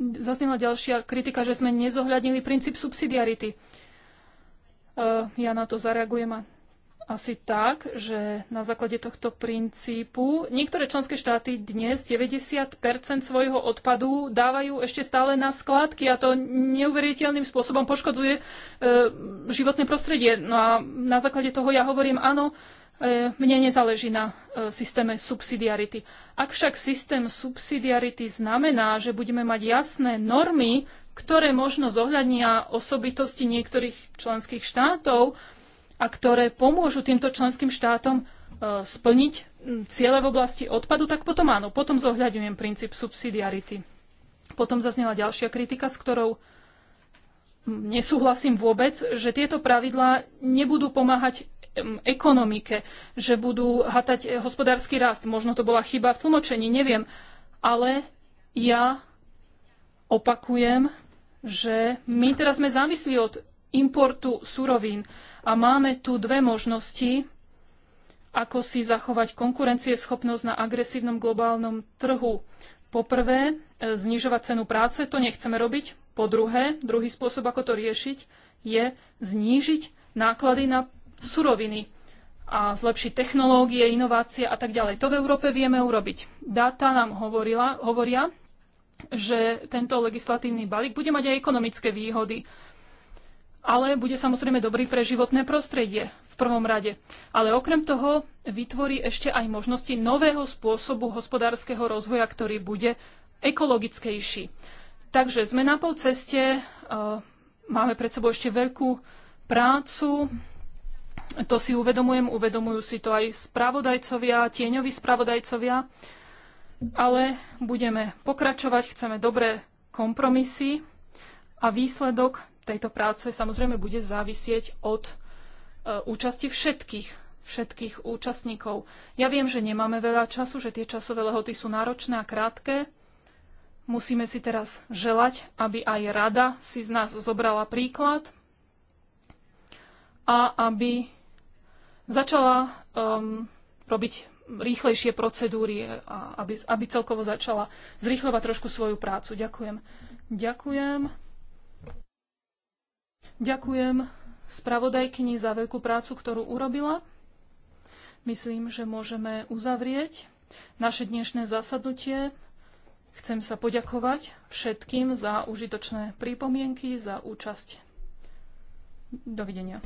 Zaznela ďalšia kritika, že sme nezohľadnili princíp subsidiarity. E, ja na to zareagujem a asi tak, že na základe tohto princípu niektoré členské štáty dnes 90 svojho odpadu dávajú ešte stále na skládky a to neuveriteľným spôsobom poškoduje e, životné prostredie. No a na základe toho ja hovorím áno, e, mne nezáleží na e, systéme subsidiarity. Ak však systém subsidiarity znamená, že budeme mať jasné normy, ktoré možno zohľadnia osobitosti niektorých členských štátov, a ktoré pomôžu týmto členským štátom e, splniť ciele v oblasti odpadu, tak potom áno, potom zohľadňujem princíp subsidiarity. Potom zaznela ďalšia kritika, s ktorou nesúhlasím vôbec, že tieto pravidlá nebudú pomáhať ekonomike, že budú hatať e, hospodársky rast. Možno to bola chyba v tlmočení, neviem. Ale ja opakujem, že my teraz sme závislí od importu surovín. A máme tu dve možnosti, ako si zachovať konkurencieschopnosť na agresívnom globálnom trhu. Po prvé, e, znižovať cenu práce, to nechceme robiť. Po druhé, druhý spôsob, ako to riešiť, je znížiť náklady na suroviny a zlepšiť technológie, inovácie a tak ďalej. To v Európe vieme urobiť. Dáta nám hovorila, hovoria, že tento legislatívny balík bude mať aj ekonomické výhody ale bude samozrejme dobrý pre životné prostredie v prvom rade. Ale okrem toho vytvorí ešte aj možnosti nového spôsobu hospodárskeho rozvoja, ktorý bude ekologickejší. Takže sme na pol ceste, e, máme pred sebou ešte veľkú prácu, to si uvedomujem, uvedomujú si to aj spravodajcovia, tieňoví spravodajcovia, ale budeme pokračovať, chceme dobré kompromisy a výsledok tejto práce samozrejme bude závisieť od e, účasti všetkých všetkých účastníkov. Ja viem, že nemáme veľa času, že tie časové lehoty sú náročné a krátke. Musíme si teraz želať, aby aj rada si z nás zobrala príklad a aby začala um, robiť rýchlejšie procedúry, a aby, aby celkovo začala zrýchlovať trošku svoju prácu. Ďakujem. Ďakujem. Ďakujem spravodajkyni za veľkú prácu, ktorú urobila. Myslím, že môžeme uzavrieť naše dnešné zasadnutie. Chcem sa poďakovať všetkým za užitočné prípomienky, za účasť. Dovidenia.